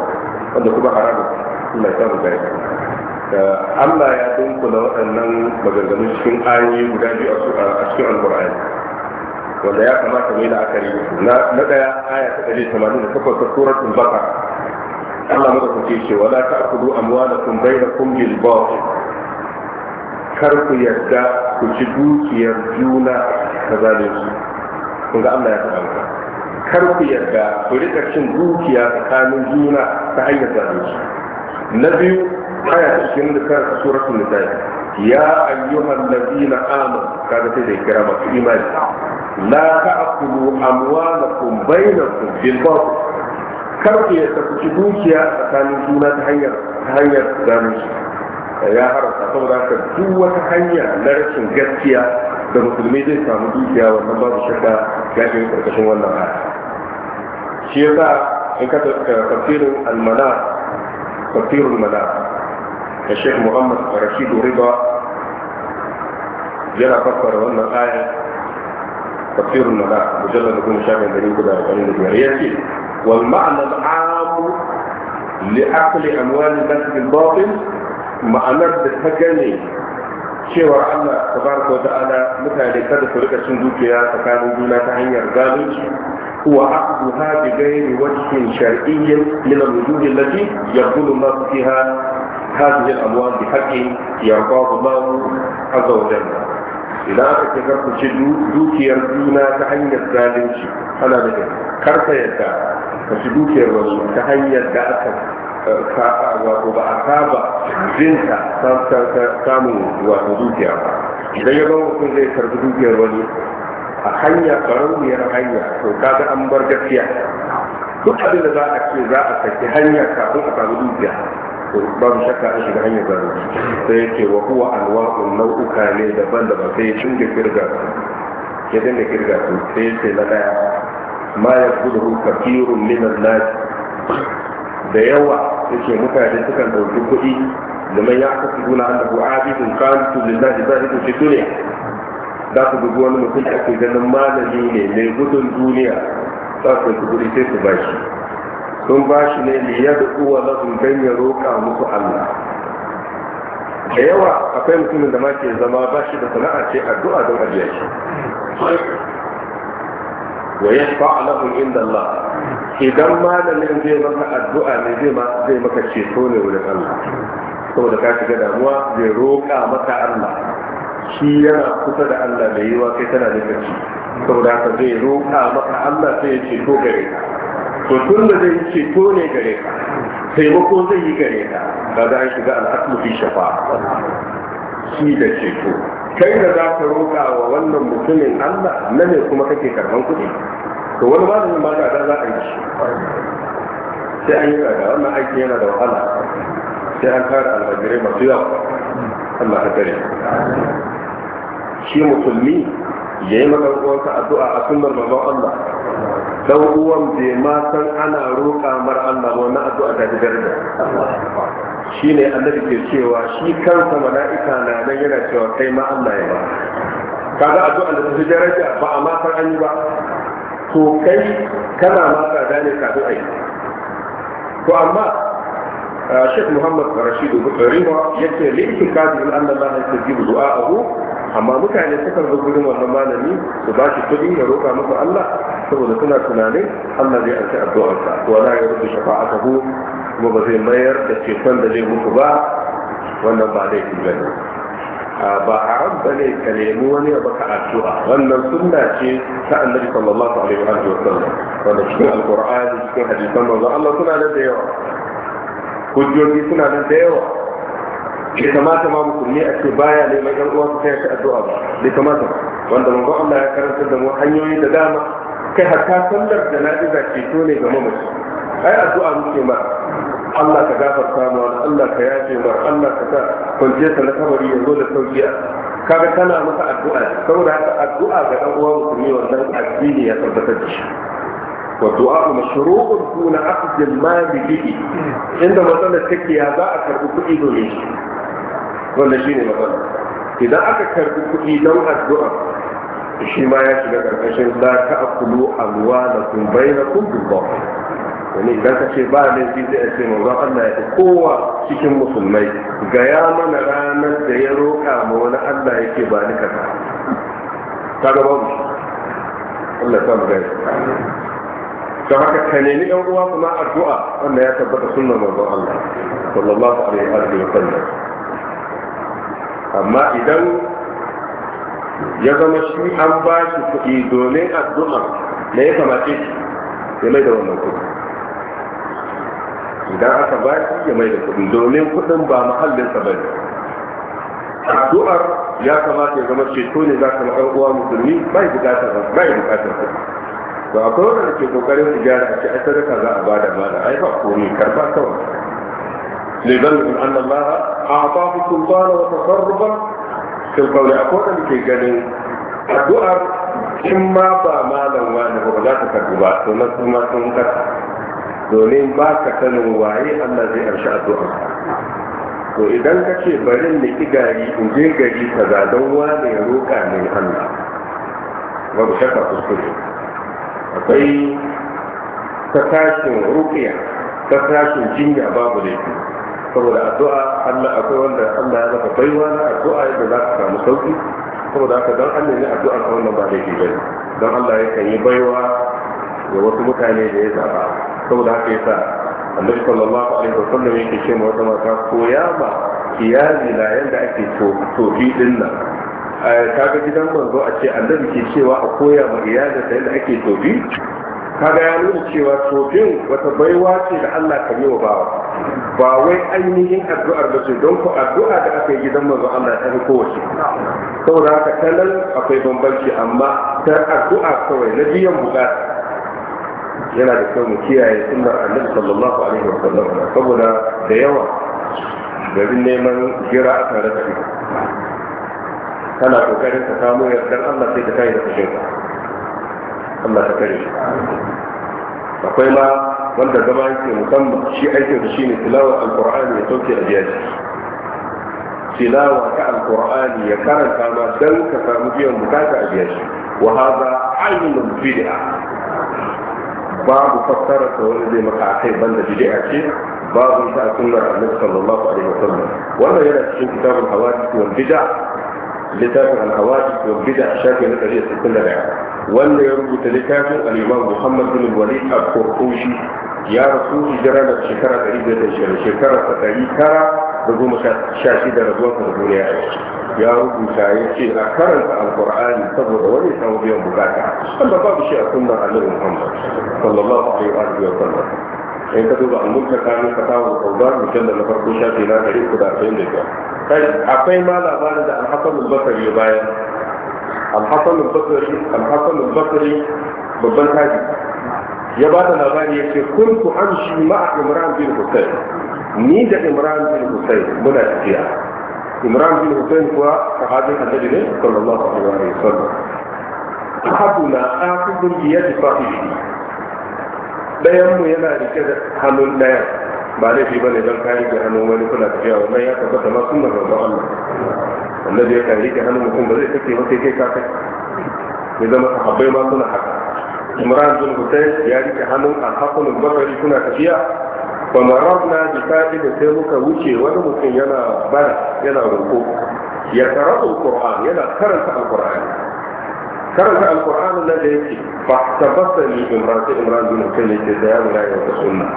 wanda kuma haramun Allah ya samu gani da Allah ya dunkula waɗannan maganganun cikin ayoyi guda biyu a cikin alƙur'ani wanda ya kamata mai la'akari na na daya aya ta 188 ta suratul baqara Allah madaukake ce wala bai amwalakum bainakum bil batil kar ku yarda ku ci dukiyar juna ta su kun ga Allah ya maka. kar ku yarda ku rika cin dukiya tsakanin juna ta hanyar su. نبي آية سورة سورة النساء يا أيها الذين آمنوا كانت هذه كرامة إيمان لا تأكلوا أموالكم بينكم بالباطل كرتي تكتبوك يا أتاني دون تهيّر تهيّر دامش يا هرب أصبر أنك دوة تهيّر لرسم جاتيا دم تلميذي سامدوك يا ورنبا بشكا كاكي يترك شنوان نغاية شيئتا إنك تفكيرو المناخ تطير الملاك الشيخ محمد رشيد رضا جرى فكر ان الايه تطير الملاك مجرد يكون شاب بني كده ياتي والمعنى العام لاكل اموال الناس بالباطل ما انرد الحكمي شوى الله تبارك وتعالى مثل هذه لكذا فرقة سندوكيا تكامل دولا تهيئ الغالج هو عقدها بغير وجه شرعي من الوجوه التي يقول الناس فيها هذه الأموال بحق يرضاه الله عز وجل idan aka ce karku ce dukiyar juna ta hanyar zalunci ana da karka yadda ka ci dukiyar wasu ta hanyar da aka kafa wato ba a saba jinta samun wato dukiya ba idan ya ba mutum zai karbi dukiyar wani a hanya barauniyar hanya to kaga an bar gaskiya duk abin da za a ce za a saki hanya kafin a samu dukiya to babu shakka an shiga hanyar zalunci sai yake wa huwa anwa'un nau'uka ne daban-daban sai ya da kirga ya dinga kirga to sai yake na daya ma ya kudu kafirun minan nasi da yawa yake mutane sukan dauki kuɗi liman ya kasu guna an da bu'abidun kantu lillahi zahidun fi duniya za ku dubi wani mutum da ake ganin malami ne mai gudun duniya za ku yi kuɗi sai su bashi sun bashi ne ne ya da uwa lafin don ya roƙa musu allah da yawa akwai mutumin da ma ke zama ba shi da sana'a ce addu'a don ajiya shi wa ya fa'a lahun inda Allah idan malamin zai maka addu'a ne zai maka ceto ne wurin Allah saboda ka shiga damuwa zai roƙa maka Allah shi yana kusa da Allah da yiwa kai tana da kaci saboda haka zai roƙa maka Allah sai ya ceto gare ka to tun da zai ceto ne gare ka taimako zai yi gare ka za a shiga al'adu fi shafa shi da ceto kai da za ka roƙa wa wannan mutumin Allah na ne kuma kake karɓan kuɗi to wani malamin ma da za a yi shi sai an yi tsada wannan aiki yana da wahala sai an kare almajirai masu yawa Allah ka kare shi musulmi ya yi maka uwansa addu'a a sunnar manzon Allah dan uwan bai ma san ana roƙa mar Allah wannan addu'a ta ji daraja shi ne annabi ke cewa shi kansa mala'ika na nan yana cewa kai ma Allah ya ba kaga addu'a da ta ji daraja ba a ma san an yi ba to kai kana ma tsada ne kafin a yi to amma شيخ محمد رشيد رضا يكفي لإعتقاد من أن الله يستجيب دعاءه amma mutane suka zo gurin wannan malami su ba shi kuɗi ya roƙa masa Allah saboda suna tunanin Allah zai ansa addu'arsa wala ya rubu shafa'atahu kuma ba zai mayar da ceton da zai mutu ba wannan ba laifi bane ba haram bane ka nemi wani ya baka addu'a wannan sunna ce ta annabi sallallahu alaihi wa sallam wanda cikin alqur'ani cikin hadisan manzo Allah suna da yawa hujjoji suna nan da yawa bai kamata ma musulmi a ce baya neman yan uwa su kai addu'a ba bai kamata wanda manzo Allah ya karanta da mu hanyoyi da dama kai hatta sallar jana'iza ke to ne ga mamaci ai addu'a muke ma Allah ka gafarta mu Allah ka yafe mu Allah ka sa kwanciyar sa na kabari ya zo da sauki kaga tana masa addu'a saboda haka addu'a ga ɗan uwa musulmi wannan addini ya tabbatar da shi والدعاء مشروع دون عقد المال به عندما ظل تكي يا ذا أكرد كئي دوني ولا جيني مثلا إذا اكثر كئي دون الدعاء الشيماء يشي لك الأشياء لا تأكلوا أموالكم بينكم بالضبط يعني إذا تشي بالي في ذي أسيم الله أن يتقوى شكي مسلمي قياما نراما زيرو كامونا أن لا يكي بالي كذا تعالوا بابش الله تعالوا بابش don haka ka nemi ɗan uwa kuma addu'a wanda ya tabbata sunnar manzon Allah sallallahu alaihi wa sallam amma idan ya zama shi an ba shi kuɗi domin addu'a ne ya kamace shi ya mai da wannan kuɗi idan aka ba shi ya mai da kuɗi domin kuɗin ba muhallinsa ba ne addu'ar ya kamata ya zama ceto ne za ka ma ɗan uwa musulmi ba bai bukatar bai bukatar kuɗi to a kowane da ke kokari su gyara ce a sadaka za a bada ba da aika kome karfa kawai ne zan nufin an lallaha a ba ku fara wa tasarrufa sun kawai a kowane ke ganin addu'ar in ma ba malam wani ba za ta karbi ba to na kuma sun kasa domin ba ka sanin waye allah zai arshi addu'ar Ko idan ka ce barin ni igari in je gari ka zadon wani roƙa ne allah babu shaka kuskure akwai ta tashin rukiya ta tashin jinya babu laifi saboda addu'a Allah akwai wanda Allah ya zaka baiwa na addu'a yadda za ka samu sauki saboda haka don Allah ne addu'a ka wannan ba laifi ba ne don Allah ya kan yi baiwa ga wasu mutane da ya zaba saboda haka yasa annabi sallallahu alaihi wasallam yake cewa ma wata mata ya ba iyali na yanda ake tofi din nan kaga gidan manzo a ce annabi ke cewa a koya ma iyalin da yadda ake tobi kaga ya nuna cewa tobin wata baiwa ce da Allah kan yi wa bawa ba wai ainihin addu'ar ba ce don ko addu'a da aka yi gidan manzo Allah ta fi kowace saboda haka kalan akwai bambanci amma ta addu'a kawai na biyan bukata yana da kyau mu kiyaye sunnar annabi sallallahu alaihi wa sallam saboda da yawa garin neman jira a tare da kana kokarin ka samu yardar Allah sai ka kai da kashe Allah ka kare shi akwai ma wanda zama yake musamman shi aikin shi ne tilawa alqur'ani ya sauke a jiyaji tilawa ka alqur'ani ya karanta ma dan ka samu biyan bukata a jiyaji wa hada ainul bid'a babu fassara ta wani zai maka akai banda bid'a ce babu ta sunnar annabi sallallahu alaihi wasallam wannan yana cikin kitabul hawadith wal bid'a littafin alhawaji wa bida shafi na ɗari sittin da ɗaya wanda ya rubuta littafin al'imam muhammad bin walid al-kurkushi ya rasu hijira da shekara ɗari biyar da shirin shekara ta ɗari tara da goma sha shida da zuwa da duniya ya rubuta ya ce a karanta alkur'ani saboda wani samu biyan bukata ba babu shi a sunnar annabi muhammad sallallahu alaihi wa sallam in ka duba al-mulka kana fatawa al-qawbar mujallal na farko shafi na 345 kai akwai ma labarin da alhassan al-basri ya bayar alhassan al-basri alhassan al-basri babban taji ya ba da labari ya ce kuntu amshi ma'a imran bin husayn ni da imran bin husayn muna tafiya imran bin husayn kuwa sahabin annabi ne sallallahu alaihi wa sallam ahaduna akhudhu bi yadi sahibi dayan mu yana rike da hannun dayan ba laifi ne don ka rike hannun wani kuna tafiya wannan ya tabbata ma sunnar manzon Allah Wannan ya kan rike hannun mutum ba zai take ba sai kai ka kai ya zama sahabbai ma suna haka imran bin husayn ya rike hannun al-hasan al kuna tafiya fa mararna bi sa'id sai muka wuce wani mutum yana bara yana roƙo ya karatu al-qur'an yana karanta al-qur'an karanta al-qur'an nan da yake fa tabassa ni imran sai imran bin husayn ya ce da ya mura ya sunna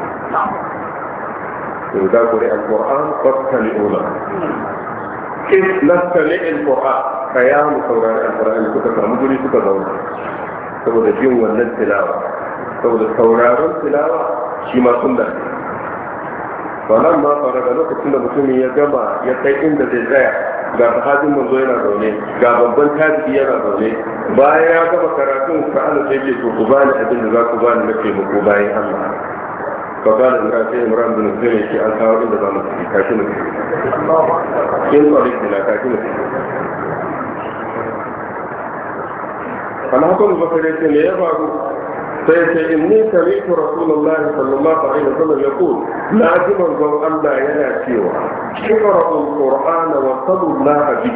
إذا قرئ القرآن فاستمعوا له إذ نستمع القرآن قيام suka samu guri suka zauna. saboda jin wannan tilawa saboda sauraron tilawa shi ma sunna ne wannan ma fara da lokacin da mutumin ya gama ya kai inda zai tsaya ga sahabin manzo yana zaune ga babban tabi'i yana zaune bayan ya gama karatun sa'ala sai ce to ku bani abin da za ku bani na taimako bayan Allah فقال إمران في بن سلم يشي أن كاو إن كاشمة كين طريق بلا كاشمة فالحكم البصري سنة يبعد سيسي إني سمعت رسول الله صلى الله عليه وسلم يقول لا جمل أن ألا ينا سوى اقرأوا القرآن وصلوا الله به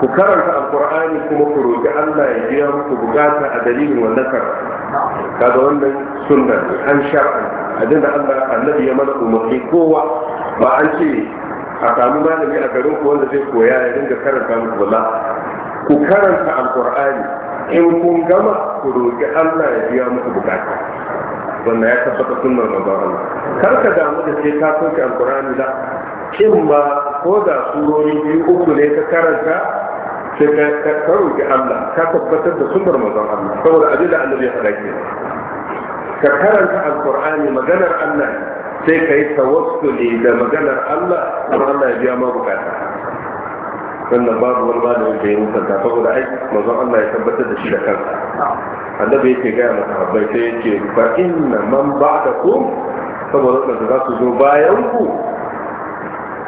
ku القرآن alkur'ani kuma ku roƙi Allah ya biya muku bukata a dalilin wannan karatu abin da Allah annabi ya mana umarni kowa ba an ce a samu malami a garin ku wanda zai koya ya dinga karanta muku ba ku karanta alqur'ani in kun gama ku roki Allah ya biya muku bukata wannan ya tabbata sunnar manzon Allah kar ka damu da sai ka soke alqur'ani da in ba ko da surori biyu uku ne ka karanta sai ka karanta Allah ka tabbatar da sunnar manzon Allah saboda abin da annabi ya faɗa kenan ka karanta alkur'ani maganar Allah sai ka yi tawassuli da maganar Allah kuma Allah ya biya ma bukata sannan babu wani ba da yake yi saboda ai manzon Allah ya tabbatar da shi da kansa annabi yake gaya masa habbai sai yake fa inna man ba'dakum saboda wanda za su zo bayan ku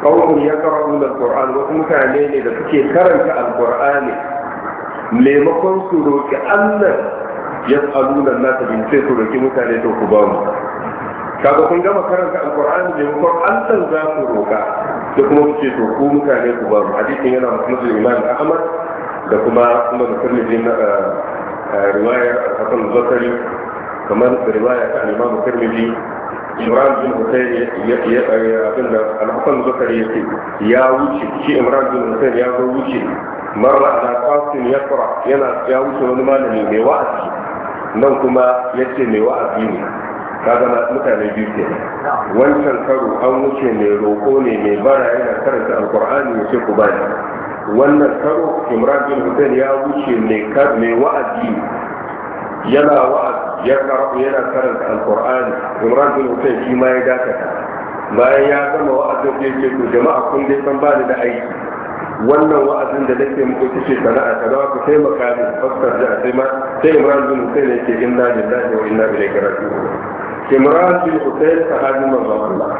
kawun ya karanta alkur'ani wasu mutane ne da suke karanta alkur'ani maimakon su roƙi Allah yas'aluna an-nasa bin sai su roki mutane to ku ba mu kaga kun gama karanta alqur'ani ne ko san za ku roka sai kuma ku ce to ku mutane ku ba mu hadisin yana muslim Imam Ahmad da kuma kuma da Tirmidhi na eh, eh, riwayar Al-Hasan al-Basri kamar riwaya ta Imam Tirmidhi Imran bin Husayn ya ya abin da Al-Hasan al yake ya wuce shi Imran bin Husayn ya zo wuce marra ala qasim yaqra yana ya wuce wani malami mai wa'azi nan kuma ya ce mai wa'azi ne zama mutane biyu ke wancan karo an wuce mai roko ne mai bara yana karanta alkur'ani ya ce ku bani wannan karo imran bin hussein ya wuce mai wa'azi yana wa'azi ya karatu yana karanta alkur'ani imran bin hussein shi ma ya dakata bayan ya gama wa'azin ya ce to jama'a kun dai san bani da aiki wannan wa'azin da nake muku kike sana'a kaza ku sai makami fassar da sai ma sai Imran bin Hussein yake inna lillahi wa inna ilaihi raji'un Imran bin Hussein sahabi manzo Allah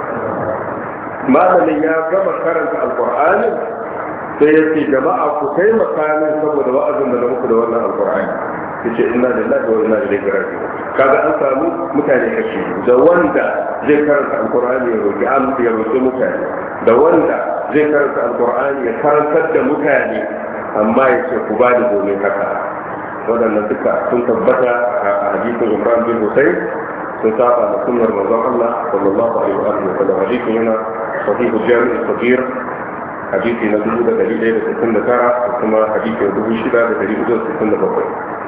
malamin ya gama karanta alqur'ani sai ya ce jama'a ku taimaka min saboda wa'azin da na muku da wannan alqur'ani yace inna lillahi wa inna ilaihi raji'un kaga an samu mutane kashi da wanda zai karanta alqur'ani ya roki Allah ya roki mutane da wanda zai karanta alqur'ani ya karantar da mutane amma yace ku ba ni domin haka waɗannan duka sun tabbata a hadisin Imran bin Husayn sun saba da sunnar manzon Allah sallallahu alaihi wa alihi wa sallam hadisin yana sahih al-jami' al-kabir hadisi na 1169 da kuma hadisi na 6467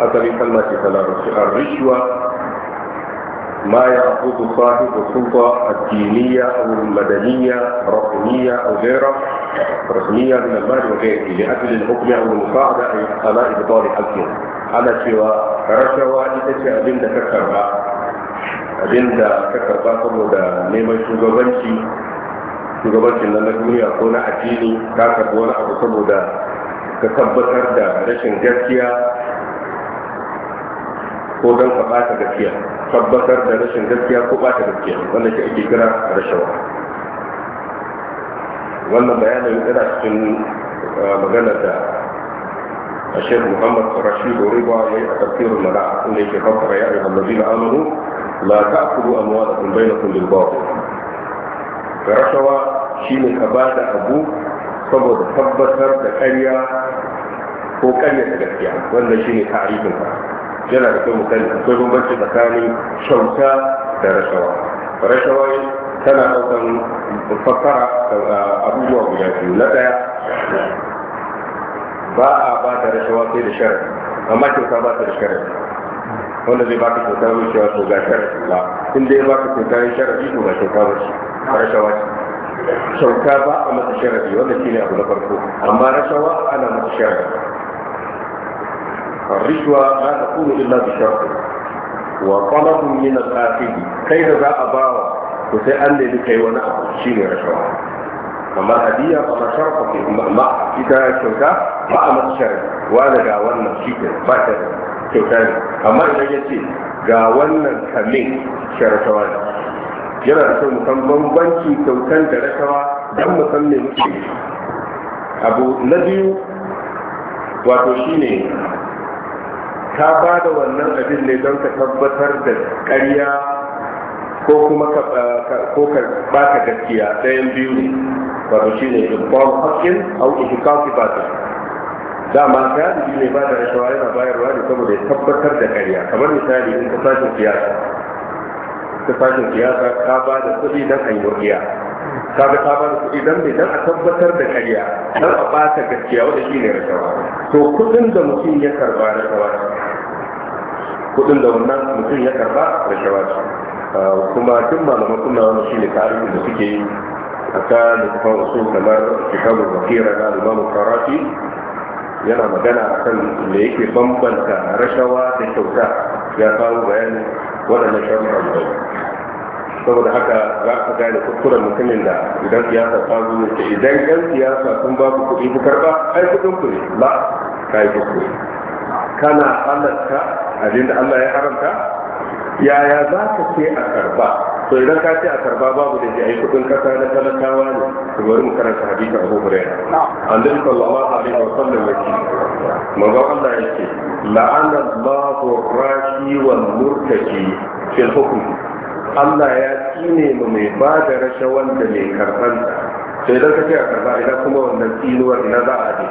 أصل كلمة تلارس الرشوة ما يأخذ صاحب السلطة الدينية أو المدنية الرسمية أو غيرها رسمية من المال وغيره لأجل الحكم أو المساعدة أنا إبطال حقه على سوى رشوة لتشي أبين تكربا أبين تكربا saboda neman shugabanci shugabancin nan na duniya ko na addini ka karbi wani abu saboda ka tabbatar da rashin gaskiya ko don ka bata gaskiya tabbatar da rashin gaskiya ko bata gaskiya wanda shi ake kira da rashawa wannan bayanin yana cikin magana da muhammad الشيخ ya رشيد رضا تفسير الملاء إن يجي فكر يا أيها الذين آمنوا لا تأكلوا أموالكم بينكم بالباطل rashawa shine ka ba da abu saboda tabbatar da karya ko karya da gaskiya wannan shine tarihin ka yana da kai mutane akwai bambanci tsakanin shauka da rashawa rashawa tana ɗaukan fassara abubuwa guda biyu na ɗaya ba a ba da rashawa sai da sharadi amma kyauta ba ta da sharadi wanda zai baka kyauta mai cewa to ga sharadi ba in dai baka kyauta ya sharadi to ga kyauta ba ce rashawa ce kyauta ba a mata sharadi wanda shine abu na farko amma rashawa ana mata sharadi الرشوة لا تكون إلا بشرط وطلب من الآخر كيف ذا أباوة وسأل لي لكي ونأخذ شيء رشوة kamar hadiya ba ma sharfa ke amma ita kyauta ba a mata shari wa da ga wannan shi ke ba ta kyauta ne amma idan ya ce ga wannan kamin sharatawa ne yana kyautan da don me abu na biyu wato Ta ba da wannan abin ne don ka tabbatar da ƙarya ko kuma ka ba ka gaskiya ɗayan biyu ne wato shi ne ikon haƙƙin au ihkafi ba ta dama galibi ne ba da rashawa yana bayarwa ne saboda ya tabbatar da ƙarya kamar misali in ka sashin siyasa ka sashin siyasa ka ba da kuɗi don a yi ka ga ta ba da kuɗi don mai don a tabbatar da ƙarya don a ba ta gaskiya wanda shi ne rashawa to kuɗin da mutum ya karba rashawa kudin da wannan mutum ya karba rashawa ce ah, kuma tun malaman suna wani shine tarihi da suke yi a ta kuma wasu kamar kitabun bakira na limamin karafi yana magana a kan da yake bambanta rashawa da kyauta ya kawo bayani waɗannan da guda saboda haka za ka gane kuskuren mutumin da idan siyasa ta zo ne idan 'yan siyasa sun ba ku kuɗi ku karɓa ai kuɗin ku ne ba ka yi kuskure kana halarta abin da Allah ya haramta yaya za ka ce a karba to idan ka ce a karba babu da yi kudin kasa na talakawa ne to bari mu karanta hadisi Abu Hurairah annabi sallallahu alaihi wa sallam yake manzo Allah yake la'ana Allahu rashi wa murtaki fil hukm Allah ya tsine mu mai ba da rashawan da mai karban sai idan ka ce a karba idan kuma wannan tsinuwar na za a je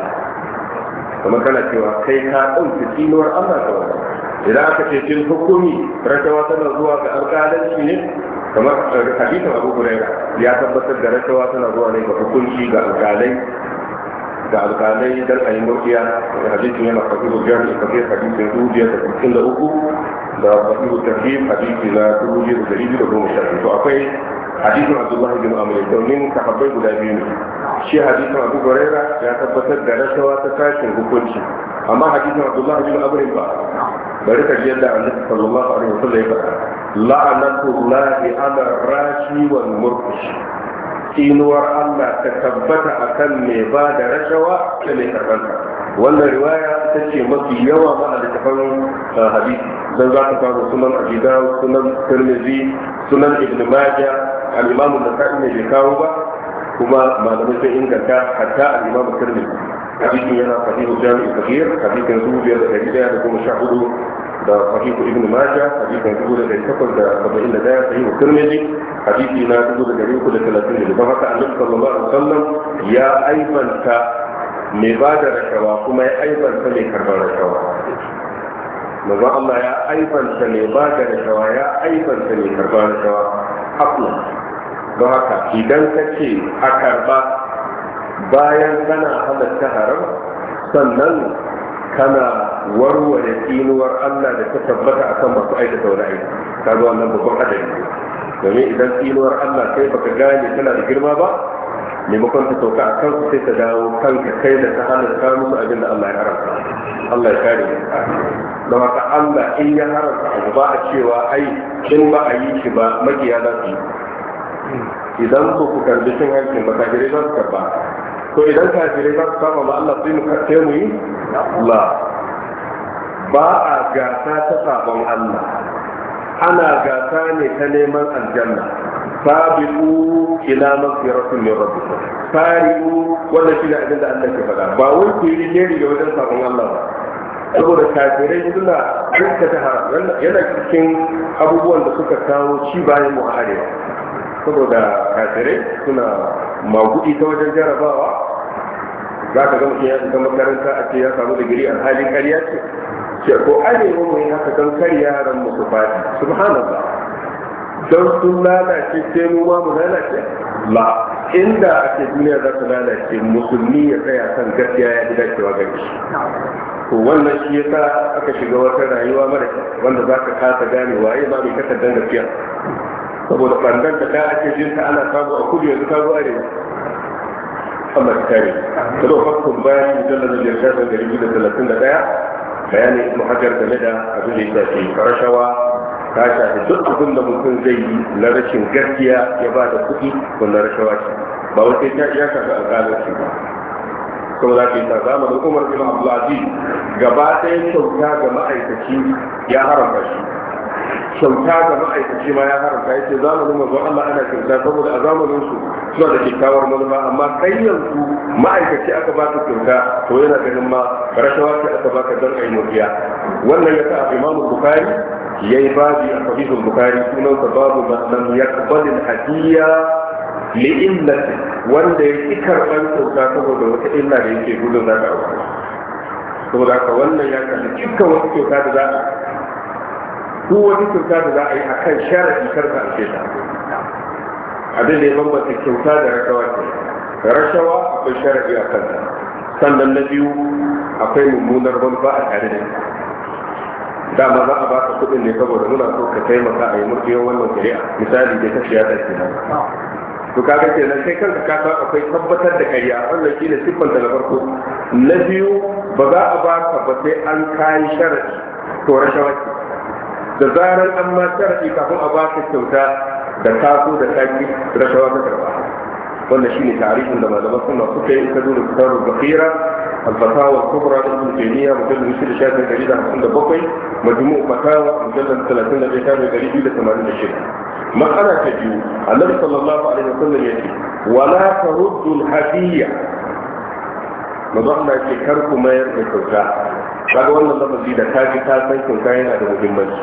kamar kana cewa kai ka ɗauki tsinuwar Allah ta wata idan aka ce cin hukumi rashawa tana zuwa ga alƙalanci ne kamar eh, hadisin abu huraira ya tabbatar da rashawa tana zuwa ne ga hukunci ga alƙalai ga alƙalai dan a yi murkiya hadisin yana fasihu jami'i kafin hadisin dubu biyar da sittin da uku da fasihu tafi hadisi na dubu da dari biyu da goma sha biyu akwai hadisin abdullahi bin amr domin sahabbai guda biyu ne shi hadisin abu huraira ya tabbatar da rashawa ta tashin hukunci amma hadisin abdullahi bin amr ba bari ka yadda annabi sallallahu alaihi wasallam ya faɗa la'anatullahi ala rashi wal murkish inuwar Allah ta tabbata akan mai ba da rashawa da mai karɓarka wannan riwaya ta ce mafi yawa ma a littafan hadisi dan za ka samu sunan abidaw sunan tirmidhi sunan ibn majah al-imamu nasa'i ne bai kawo ba kuma malamai sai inganta hatta al-imamu tirmidhi hadisin yana sahihu jami'i kabir hadisin dubu biyar da ɗari ɗaya da goma sha hudu da sahihu ibn majah hadisin dubu da ɗari takwas da saba'in da ɗaya sahihu tirmidhi hadisi na dubu da ɗari uku da talatin da ba haka annabi sallallahu alaihi wasallam ya aibanta mai ba da rashawa kuma ya aibanta mai karɓar rashawa manzo Allah ya aibanta mai ba da rashawa ya aibanta mai karɓar rashawa haku don haka idan ka ce a karba bayan kana halatta haram sannan kana warware tsinuwar Allah da ta tabbata a kan masu aikata wani aiki ta zuwa nan babban adadi domin idan tsinuwar Allah sai baka gane tana da girma ba maimakon ta sauka a kansu sai ta dawo kanka kai da ta hana ta musu abin da Allah ya haramta Allah ya kare da haka Allah in ya haramta abu ba a cewa ai in ba a yi shi ba makiya za su yi idan ku ku karbi cin hanci ba kafirai za su karba to idan kafirai za su kama ba Allah sai mu karfe mu yi ba a gasa ta sabon Allah ana gasa ne ta neman aljanna sabiqu ila maghfiratin min rabbikum fariqu wannan shine abin da Allah ke faɗa ba wai ku yi ne ga wajen sabon Allah ba saboda kafirai suna aikata haram yana cikin abubuwan da suka kawo ci bayan mu saboda kafirai suna magudi ta wajen jarabawa za ka ga mutum ya shiga makaranta a ce ya samu digiri halin ƙarya ce ce ko ane mu yi haka don kar yaran mu su fadi subhanallah don sun lalace sai mu ma mu lalace la inda ake duniya za ta lalace musulmi ya tsaya kan gaskiya ya fi dacewa gare shi to wannan shi yasa aka shiga wata rayuwa mara wanda za ka kasa gane waye ma mai takardar gaskiya saboda ɓangar da da ake jin ta ana samu a kudu yanzu ta zo arewa Allah ta kare. Kada fakon bayan mujallar da jirgin da 231 bayanin ibn hajar game da abin da ya shafi rashawa ta shafi duk abin da mutum zai yi na rashin gaskiya ya ba da kuɗi na rashawa ce ba wata ya ya shafi alƙalanci ba kuma za ka yi zamanin umar ibn abdulaziz gaba ɗaya kyauta ga ma'aikaci ya haramta shi kyauta ga ma'aikaci ma ya haramta ya ce zamanin manzo Allah ana kyauta saboda a zamanin su suna da kyakkyawar manufa amma kai yanzu ma'aikaci aka ba baka kyauta to yana ganin ma rashawa ce aka baka don ayi mutiya wannan ya sa a bukari ya yi babi a Sahihul Bukhari sunan sa babu man lam yaqbal al-hadiya li illati wanda ya ƙi karɓar kyauta saboda wata illa da yake gudun za ta saboda haka wannan ya kalli dukkan wata kyauta da za a ko wani kyauta da za a yi a kan sharaɗi karka a ce ta abin da ya bambanta kyauta da rashawa ce rashawa akwai sharaɗi a kanta sannan na biyu akwai mummunar manufa a tare da ita dama za a baka kuɗin ne saboda muna so ka taimaka a yi murfiyar wannan kuri'a misali da ta shiya ta ke nan to kaga ke nan sai kanka ka san akwai tabbatar da ƙarya wannan shi ne siffar da na farko na biyu ba za a baka ba sai an kayi sharaɗi to rashawa ce da zarar an ma sharaɗi kafin a ba ka kyauta da taso da taki rashawa ta karba wannan shine tarihin da malaman suna suka yi ta zuwa kitabul bakira الفتاوى الكبرى لابن تيمية مجلد مثل شاهد الجريدة 57 مجموع فتاوى مجلد 30 الذي كان الجريدة 86 مسألة تجيو النبي صلى الله عليه وسلم يقول ولا ترد الهدية نضعنا في كرك ما يرد الزكاة kaga wannan lafazi da kaji ta san kyauta yana da muhimmanci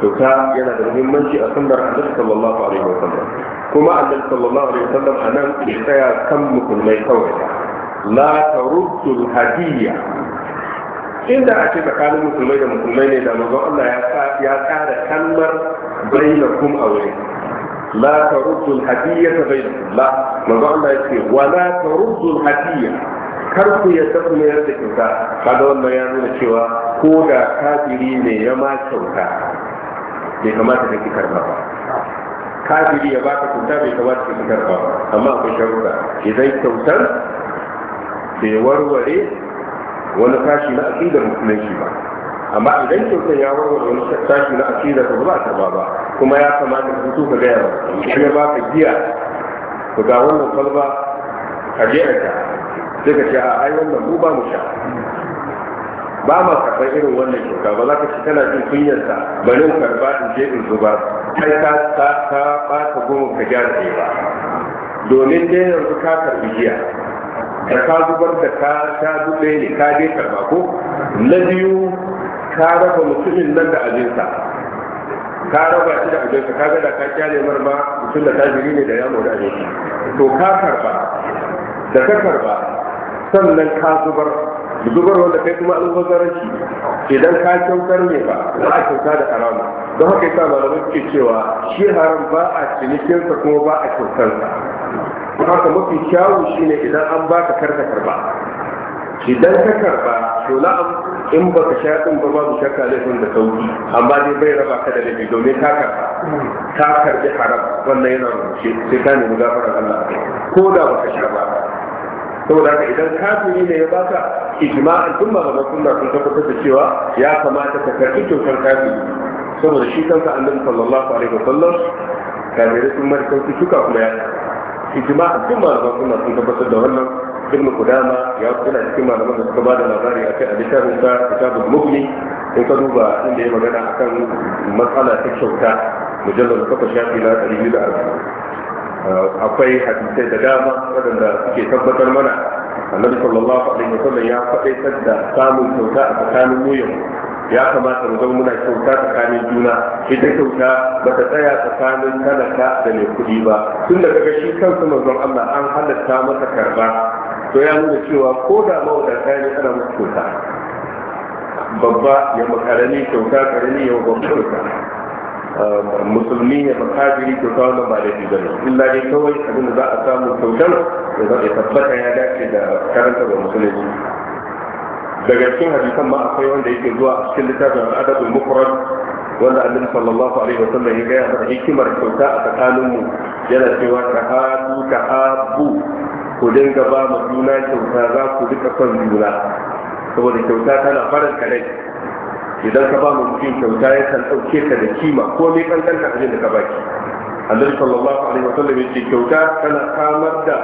kyauta yana da muhimmanci a sunnar annabi sallallahu alaihi wa sallam kuma annabi sallallahu alaihi wa sallam anan ke tsaya kan musulmai kawai la taruddu hadiyya inda a ce tsakanin musulmai da musulmai ne da manzon Allah ya tsara kalmar bainakum a wurin la taruddu hadiyya bainakum la manzon Allah ya ce wala taruddu hadiyya kar ku ya san mayar da kyauta kada wannan ya nuna cewa ko da kafiri ne ya ma kyauta bai kamata da kikar karba ba kafiri ya ba ka kyauta bai kamata da kikar karba ba amma akwai sharuɗa idan kyautar bai warware wani kashi na aƙidar musulunci ba amma idan kyautar ya warware wani kashi na aƙidar ka ba ta ba ba kuma ya kamata ka fito ka gaya ba ya ka giya ku ga wannan kwalba ka je a sai ka ce a ai wannan mu ba mu sha ba ma karɓar irin wannan kyauta ba za ka ci kana jin kunyarsa bari in ba in je in zuba kai ka ta ta ɓata goma ka gyara ɗaya ba domin dai yanzu ka karɓi giya da ka zubar da ka ta duɗe ne ka je karɓa ko na biyu ka raba mutumin nan da abinsa ka raba shi da abinsa ka gada ka kyale marma mutum da tajiri ne da yamo da abinci to ka karɓa da ka karɓa sannan ka zubar zubar wanda kai kuma an shi, idan ka kyautar ne ba za a kyauta da haram don haka yasa malamai suke cewa shi haram ba a cinikinsa kuma ba a kyautar. kyautarsa haka mafi kyawu shine idan an baka karka karba idan ka karba to la'am in ba ka sha din ba babu shakka laifin da sauki amma dai bai raba ka da laifi domin ka karba ka karbi haram wannan yana rubuce sai ka nemi gafarar Allah ko da ba ka sha ba saboda haka idan kafiri ne ya baka ijma'an tun ba ga sunna sun tabbatar da cewa ya kamata ka karɓi tokar kafiri saboda shi kansa annabi sallallahu alaihi wasallam kafirai sun mara sauki suka kuma ya ijma'an tun ba ga sunna sun tabbatar da wannan ibn kudama ya kuna cikin malaman da suka bada labari akai a littafin sa kitabul mukmin in ka duba inda ya magana akan matsala ta kyauta mujallal kafa shafi na Eh, akwai hadisai da dama waɗanda suke tabbatar mana annabi sallallahu alaihi wasallam ya faɗi da samun kyauta a tsakanin mu ya kamata mu zama muna kyauta tsakanin juna ita kyauta ba ta tsaya tsakanin talaka da mai kuɗi ba tun da kaga shi kansa manzon Allah an halatta masa karba to ya nuna cewa ko da mawadata ne ana musu kyauta babba ya makarani kyauta karami ya babba kyauta musulmi ya makajiri kyauta kawo da laifi ba ne illa dai kawai abin da za a samu kyautar ya zai tabbata ya dace da karanta da musulunci daga cikin hadisan ma akwai wanda yake zuwa a cikin littafin adabin mukurar wanda annabi sallallahu alaihi wasallam ya gaya mana hikimar kyauta a tsakanin mu yana cewa ka hadu ka habu ku dinga ba ma juna kyauta za ku duka son juna saboda kyauta tana farin kare idan ka ba mu mutum kyauta ya kan ɗauke ka da kima ko mai kankanta abin da ka baki annabi sallallahu alaihi wa sallam yace kyauta tana kamar da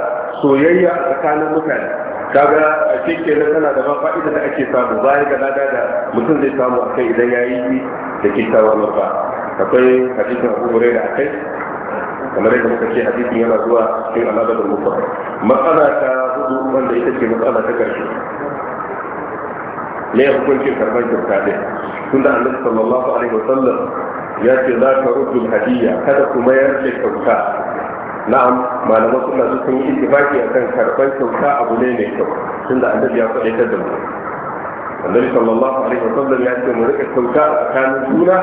soyayya a tsakanin mutane kaga a cikin nan tana da fa'ida da ake samu baya ga lada da mutum zai samu a kai idan yayi da kyakkyawan mafa akwai hadisin Abu Hurairah akai kamar yadda muka ce hadisin yana zuwa cikin al'adar mutum matsala ta hudu wanda ita ce matsala ta karshe me ya hukuncin karban kyauta din tunda annabi sallallahu alaihi wa sallam ya ce za ka rubu hadiyya kada ku mayar da kyauta na'am malaman suna su sun yi ittifaki akan karban kyauta abu ne mai kyau tunda annabi ya faɗi da mu annabi sallallahu alaihi wa sallam ya ce mu rika kyauta a tsakanin juna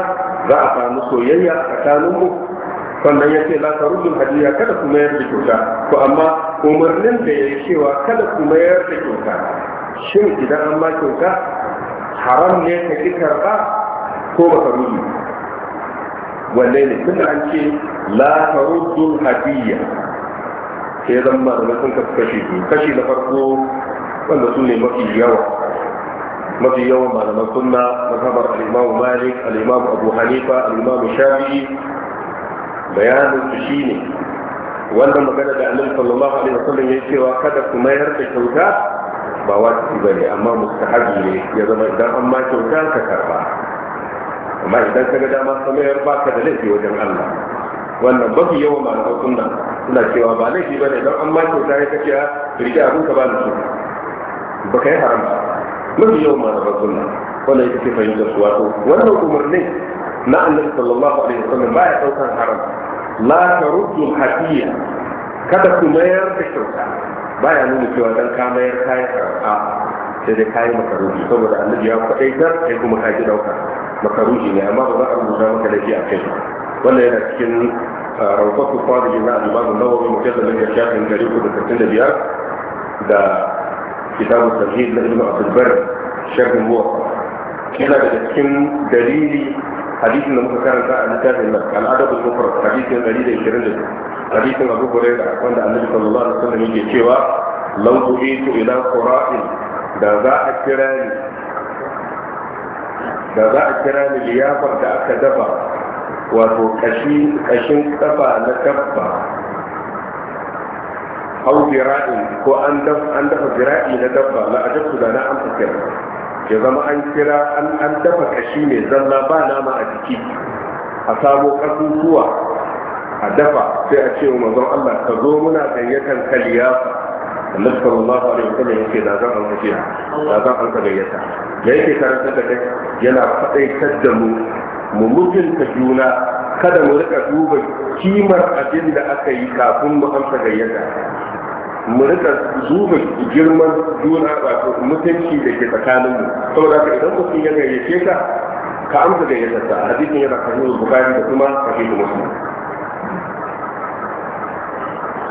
za a samu soyayya a tsakanin mu sannan ya ce za ka rubin Hadiyya kada ku mayar da kyauta to amma umarnin da ya yi cewa kada ku mayar da kyauta shin idan an ma kyauta haram ne ka ƙi karɓa ko ba ka rubi wanne ne tun an ce la taruddul hadiyya sai zan ba da sun kashi biyu kashi na farko wanda su ne mafi yawa mafi yawan malaman sunna mazhabar al-imam malik al-imam abu hanifa al-imam shafi'i bayanin su shine wannan magana da annabi sallallahu alaihi wasallam ya cewa kada ku mayar da kyauta ba wajibi ba ne amma mustahabi ne ya zama idan an ma kyauta ka karba amma idan ka ga dama samayar ba ka da laifi wajen Allah wannan mafi yawan malaman sunna suna cewa ba laifi ba ne idan an ma kyauta ya kace rike abin ka ba da su ba kai haramta mafi yawan malaman sunna wannan yake fahimtar su wato wannan umarni na annabi sallallahu alaihi wasallam ba ya daukar haram la taruddu al-hadiya kada ku mayar da kyauta baya nuna cewa dan ka mayar kayan a sai dai kayan makaruji saboda annabi ya kwadaitar sai kuma ka ji dauka makaruji ne amma ba za a rubuta maka da shi a kai wannan yana cikin ah, rawfatu fadili na al-imam ya shafi mujallal da shafin 365 da kitabu tafsir na ibnu abdul bar sharh muwatta yana da cikin dalili حديث لم تكن عن كتاب الله عن عدد الكفر حديث غريب الكرند حديث أبو هريرة عند النبي صلى الله عليه وسلم يجي شوا لو جئت إلى قراء دعاء كراني دعاء كراني ليابا دعاء كدفا وهو أشين أشين كفا لكفا أو ذراء أو أندف أندف ذراء لدفا لا أجبت لنا أن تكرم ya zama an kira an dafa kashi mai zalla ba nama a jiki a samo ƙasusuwa a dafa sai a ce wa manzon Allah ka zo muna gayyatar ka liyafa Allah sallallahu alaihi wasallam yake da zan an kace da zan an gayyata da yake karanta da kai yana faɗaitar da mu mu mutunta juna kada mu rika duba kimar abin da aka yi kafin mu amsa gayyata mu rika duba girman juna wato mutunci da ke tsakanin mu saboda haka idan mutum ya gayyace ka ka amsa da yadda hadisin yana sahihul bukhari da kuma sahihul muslim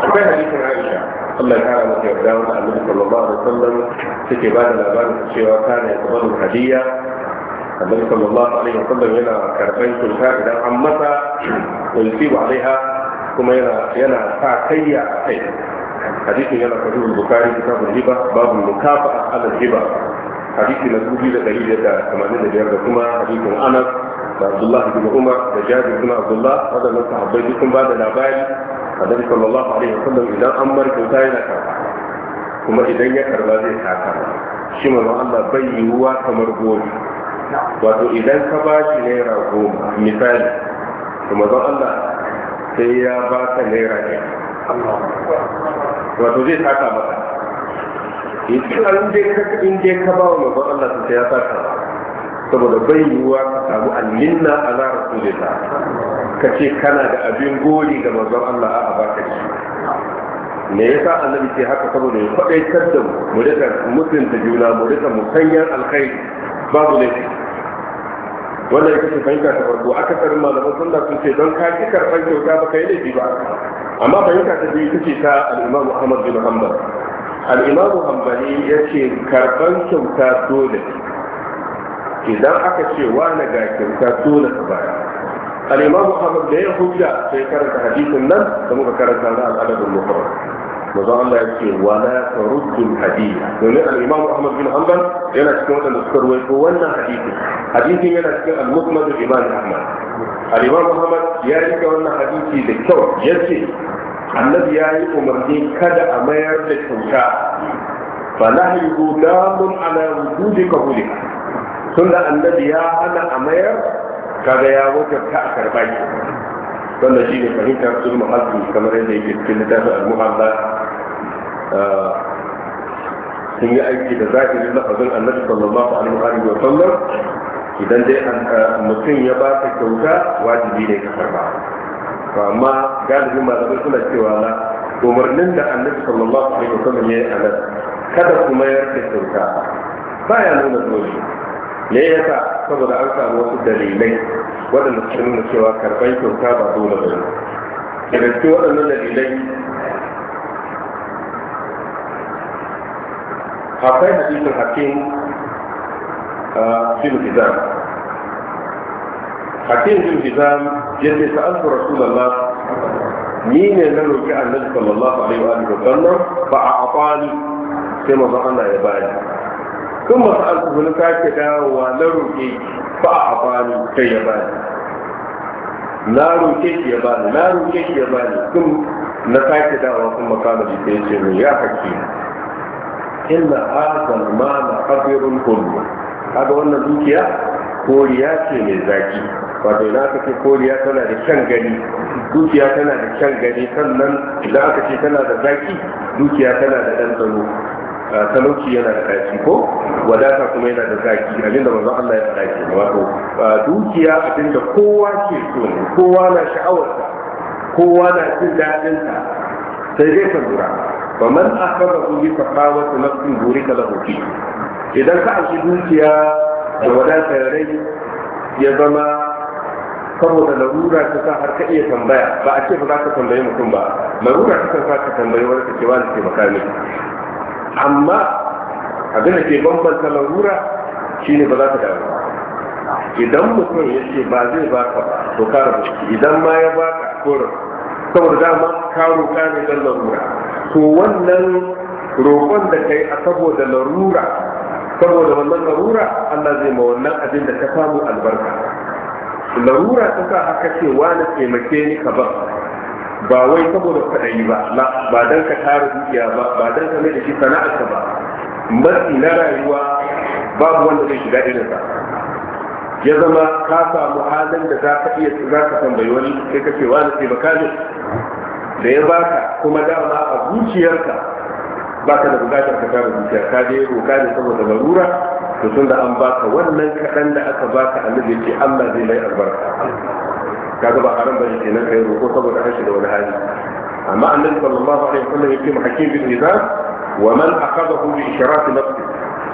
akwai hadisin aisha Allah ya kara masa yarda wa Annabi sallallahu alaihi wasallam take ba da labarin cewa kana ya tabbata hadiyya Annabi sallallahu alaihi wasallam yana karban kyauta idan an masa wa yusibu alaiha kuma yana yana sa kayya a kai حديث يلا كتب البخاري كتاب الهبة باب المكافأة على الهبة حديث نزول إلى دليل يدا كما نزل بيرد كما حديث أنس عبد الله بن عمر وجابر بن عبد الله هذا ما تحبيتكم بعد الأبائل هذا صلى الله عليه وسلم إذا أمر كنتاين كما كما إذا يكر بازي ساكما شما الله بي هو كمرغوري wato idan ka ba shi naira goma misali to الله allah sai ya ba ka naira ne wato zai saka maka in dai ka ba wa Allah sun ya saka saboda bai yiwuwa ka samu alminna ala ta ka ce kana da abin gori ga manzon Allah a baka shi me yasa annabi ce haka saboda ya faɗaitar da mu rika mutunta juna mu rika alkhairi babu laifi wanda ya kace fahimta ta farko aka tsarin malaman sunna sun ce don ka ki karɓar kyauta ba kai laifi ba amma fahimta ta biyu kace ta al-Imam Ahmad bin Hanbal al-Imam Hanbali yace karɓar kyauta dole idan aka ce wani ga kyauta dole ka baya al-Imam da ya hujja sai karanta hadisin nan da muka karanta na al-Adab manzon Allah ya ce wala taruddul hadith domin al-Imam Ahmad bin Hanbal yana cikin wadanda suka ruwaito wannan hadisi hadisin yana cikin al-Musnad Imam Ahmad al-Imam Ahmad ya rika wannan hadisi da kyau yace annabi ya yi umarni kada a mayar da kyauta fa nahyu damun ala wujudi qabuli tunda annabi ya hana a mayar kaga ya wajabta a karba wannan shine fahimtar sulmu hazbi kamar yadda yake cikin littafin al-muhalla sun yi aiki da zahirin lafazin annabi sallallahu alaihi wa sallam idan dai mutum ya ba ka kyauta wajibi ne ka karba amma galibin malamai suna cewa na umarnin da annabi sallallahu alaihi wa sallam ya yi anan kada ku mayar da kyauta ba ya nuna dole ya sa saboda an samu wasu dalilai waɗanda sun nuna cewa karban kyauta ba dole ba ne daga cikin waɗannan dalilai akwai hadisin hakim bin uh, hizam hakim bin hizam ya ce sa'altu rasulullah ni ne na roƙi annabi sallallahu alaihi wa alihi wasallam ba a afani sai manzo Allah ya bani kun ba sa alku ne ka dawowa na roƙe fa a afani sai ya bani na roƙe shi ya bani na roƙe shi ya bani kun na sake dawowa kun makana bi sai ce ya hakki inna hadal mala khabirun kullu kaga wannan dukiya koriya ce mai zaki wato idan aka ce koriya tana da kyan gani dukiya tana da kyan gani sannan idan aka ce tana da zaki dukiya tana da ɗan tsaro talauci yana da zaki ko wadata kuma yana da zaki abinda ba manzon Allah ya faɗa ke wato dukiya abinda kowa ke so ne kowa na sha'awarsa kowa na jin daɗinsa sai dai ka lura fa man akhadahu bi faqawati nafsin burika lahu fi idan ka ashi dukiya da wadata rai ya zama saboda larura ta sa har ka iya tambaya ba a ce ba za ka tambayi mutum ba larura ta sa ka tambayi wani ka ce wani ke makami amma abin da ke bambanta larura ne ba za ka damu idan mutum ya ce ba zai baka ba to ka rabu idan ma ya baka ko rabu saboda dama ka roƙa ne don larura to wannan roƙon da kai a saboda larura saboda wannan larura Allah zai ma wannan abin da ka samu albarka larura ta sa haka ce wani taimake ni ka ba ba wai saboda kwaɗayi ba ba don ka tara dukiya ba ba don ka mai da shi sana'arka ba matsi na rayuwa babu wanda zai shiga sa ya zama ka samu halin da za ka iya za ka tambayi wani sai ka ce wani taimaka ne da ya baka kuma dama a zuciyarka baka da bukatar ka tara zuciya ka dai roka ne saboda larura to tun da an baka wannan kaɗan da aka baka nufin ce Allah zai mai albarka kaga ba haram bane kenan kai roko saboda an shiga wani hali amma annabi sallallahu alaihi wasallam yake mu hakim bin nizam wa man akhadahu bi ishraf nafsi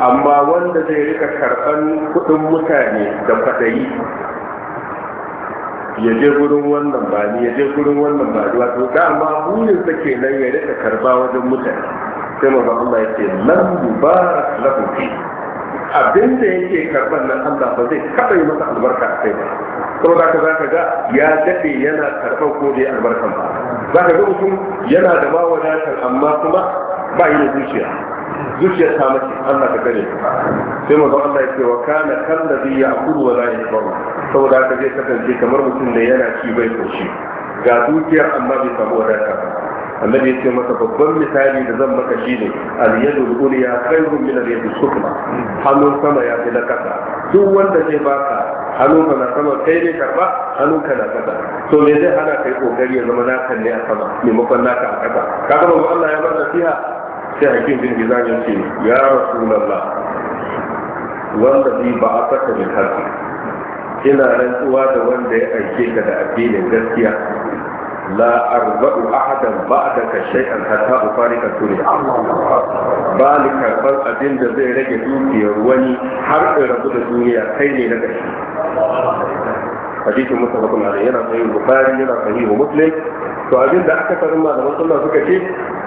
amma wanda zai rika karban kuɗin mutane da kwadayi ya je gurin wannan ba ni ya je gurin wannan ba ni wato amma burin sa kenan ya rika karba wajen mutane sai ba Allah ya ce mubarak lahu fi abin da yake karban nan Allah ba zai kada yi masa albarka a kai ba da ka zaka ga ya dade yana karban ko da albarkan ba ka ga mutum yana da ma wadatar amma kuma ba yi da zuciya zuciya ta mace Allah ka gare sai maza Allah yake wa kana kallazi ya'kulu wa la yashba'u saboda je zai kasance kamar mutum da yana ci bai koshi ga dukiya amma bai samu wadata ba annabi ya ce masa babban misali da zan maka shine al-yadu al-ulya khairun min al-yad sufla hannun sama ya fi na kasa duk wanda zai baka hannun na sama kai ne karba hannun na kasa to me zai hana kai kokari ya zama naka ne a sama maimakon naka a kasa kaga ba Allah ya bar nasiha sai hakim bin gizan ya ce ya rasulullah wanda bi ba a saka min harfi ina rantsuwa da wanda ya aike ka da addinin gaskiya la arba'u ahadan ba'daka shay'an hatta ufarika dunya ba ni karban abin da zai rage dukiyar wani har in rabu da duniya kai ne na gashi hadisin mutum yana sahih bukhari yana sahih muslim to abin da aka farin malaman sunna suka ce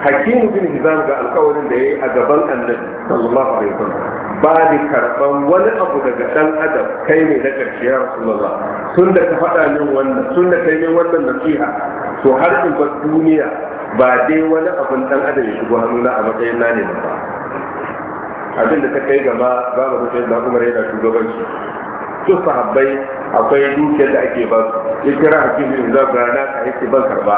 hakimu bin hizam ga alkawarin da ya yi a gaban annabi sallallahu alaihi wasallam ba ni karban wani abu daga dan adam kai ne na karshe ya rasulullah tun da ka faɗa min wannan tun da kai min wannan nasiha to har in bar duniya ba dai wani abun dan adam ya shigo hannu na a matsayin na ne ba abin da ta kai gaba babu mutum da kuma yana shugabanci su sahabbai akwai dukiyar da ake ba su ya kira hakim za zab rana ka yake ban karba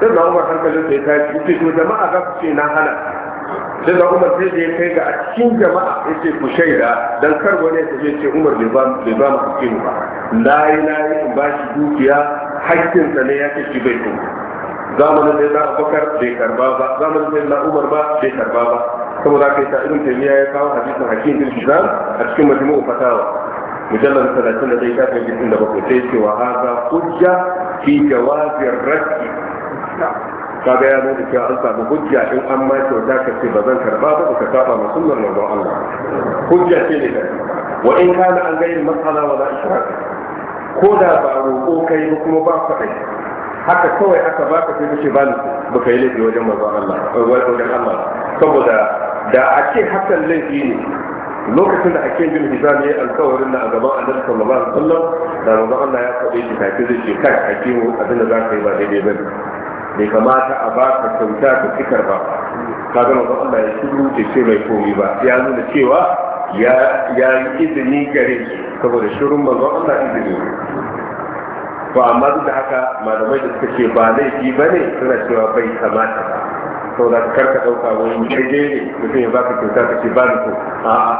sai da umar hankalin sai ta ce to jama'a za su ce na hana sai da umar sai da ya kai ga a cikin jama'a ya ce ku shaida dan kar wani ya tafi ce umar bai ba mu hakim ba layi layi in ba shi dukiya hakkinsa ne ya ce shi bai zamanin sai na abubakar bai karba ba zamanin sai na umar ba bai karba ba saboda kai ta irin taymiya ya kawo hadisin hakim bin hizam a cikin majmu'u fatawa mujallar talatin da zai shafin jikin da bakwai sai cewa haza hujja fi jawazin raski kaga ya nuna cewa an samu hujja in an ma kyauta ba zan karba ba ka saba ma sunnar manzon Allah hujja ce ne kai wa in kana an ga yin mas'ala wa la ishraq ko da ba roƙo kai ba faɗai haka kawai aka baka sai kace ba kai laifi Allah wajen Allah saboda da a ce hakan laifi ne lokacin da ake bin hizam ya yi alkawarin na a gaban annabi sallallahu alaihi wasallam da manzon Allah ya faɗe shi kafin zai ce kai a hakimu abin da za ka yi ba daidai ba bai kamata a ba ka kyauta ta fikar ba ka ga manzon Allah ya shiru ce ce mai komi ba ya nuna cewa ya yi izini gare shi saboda shirin manzon Allah izini Ba amma duk da haka malamai da suka ce ba laifi ba ne suna cewa bai kamata ba saboda ka karka ɗauka wani daidai ne mutum ya baka kyauta ka ce ba ni ko a'a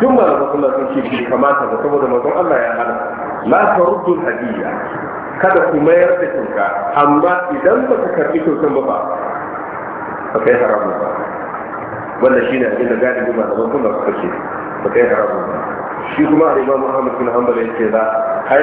duk malaman suna sun ce shi kamata ba saboda manzon Allah ya hana la taruddul hadiya kada ku mayar da kyauta amma idan ba ka karɓi kyautan ba ba ba kai haramu ba wanda shi ne abin da galibi malaman suna suka ce ba kai haramu ba shi kuma a imam Muhammad bin Hanbal yake za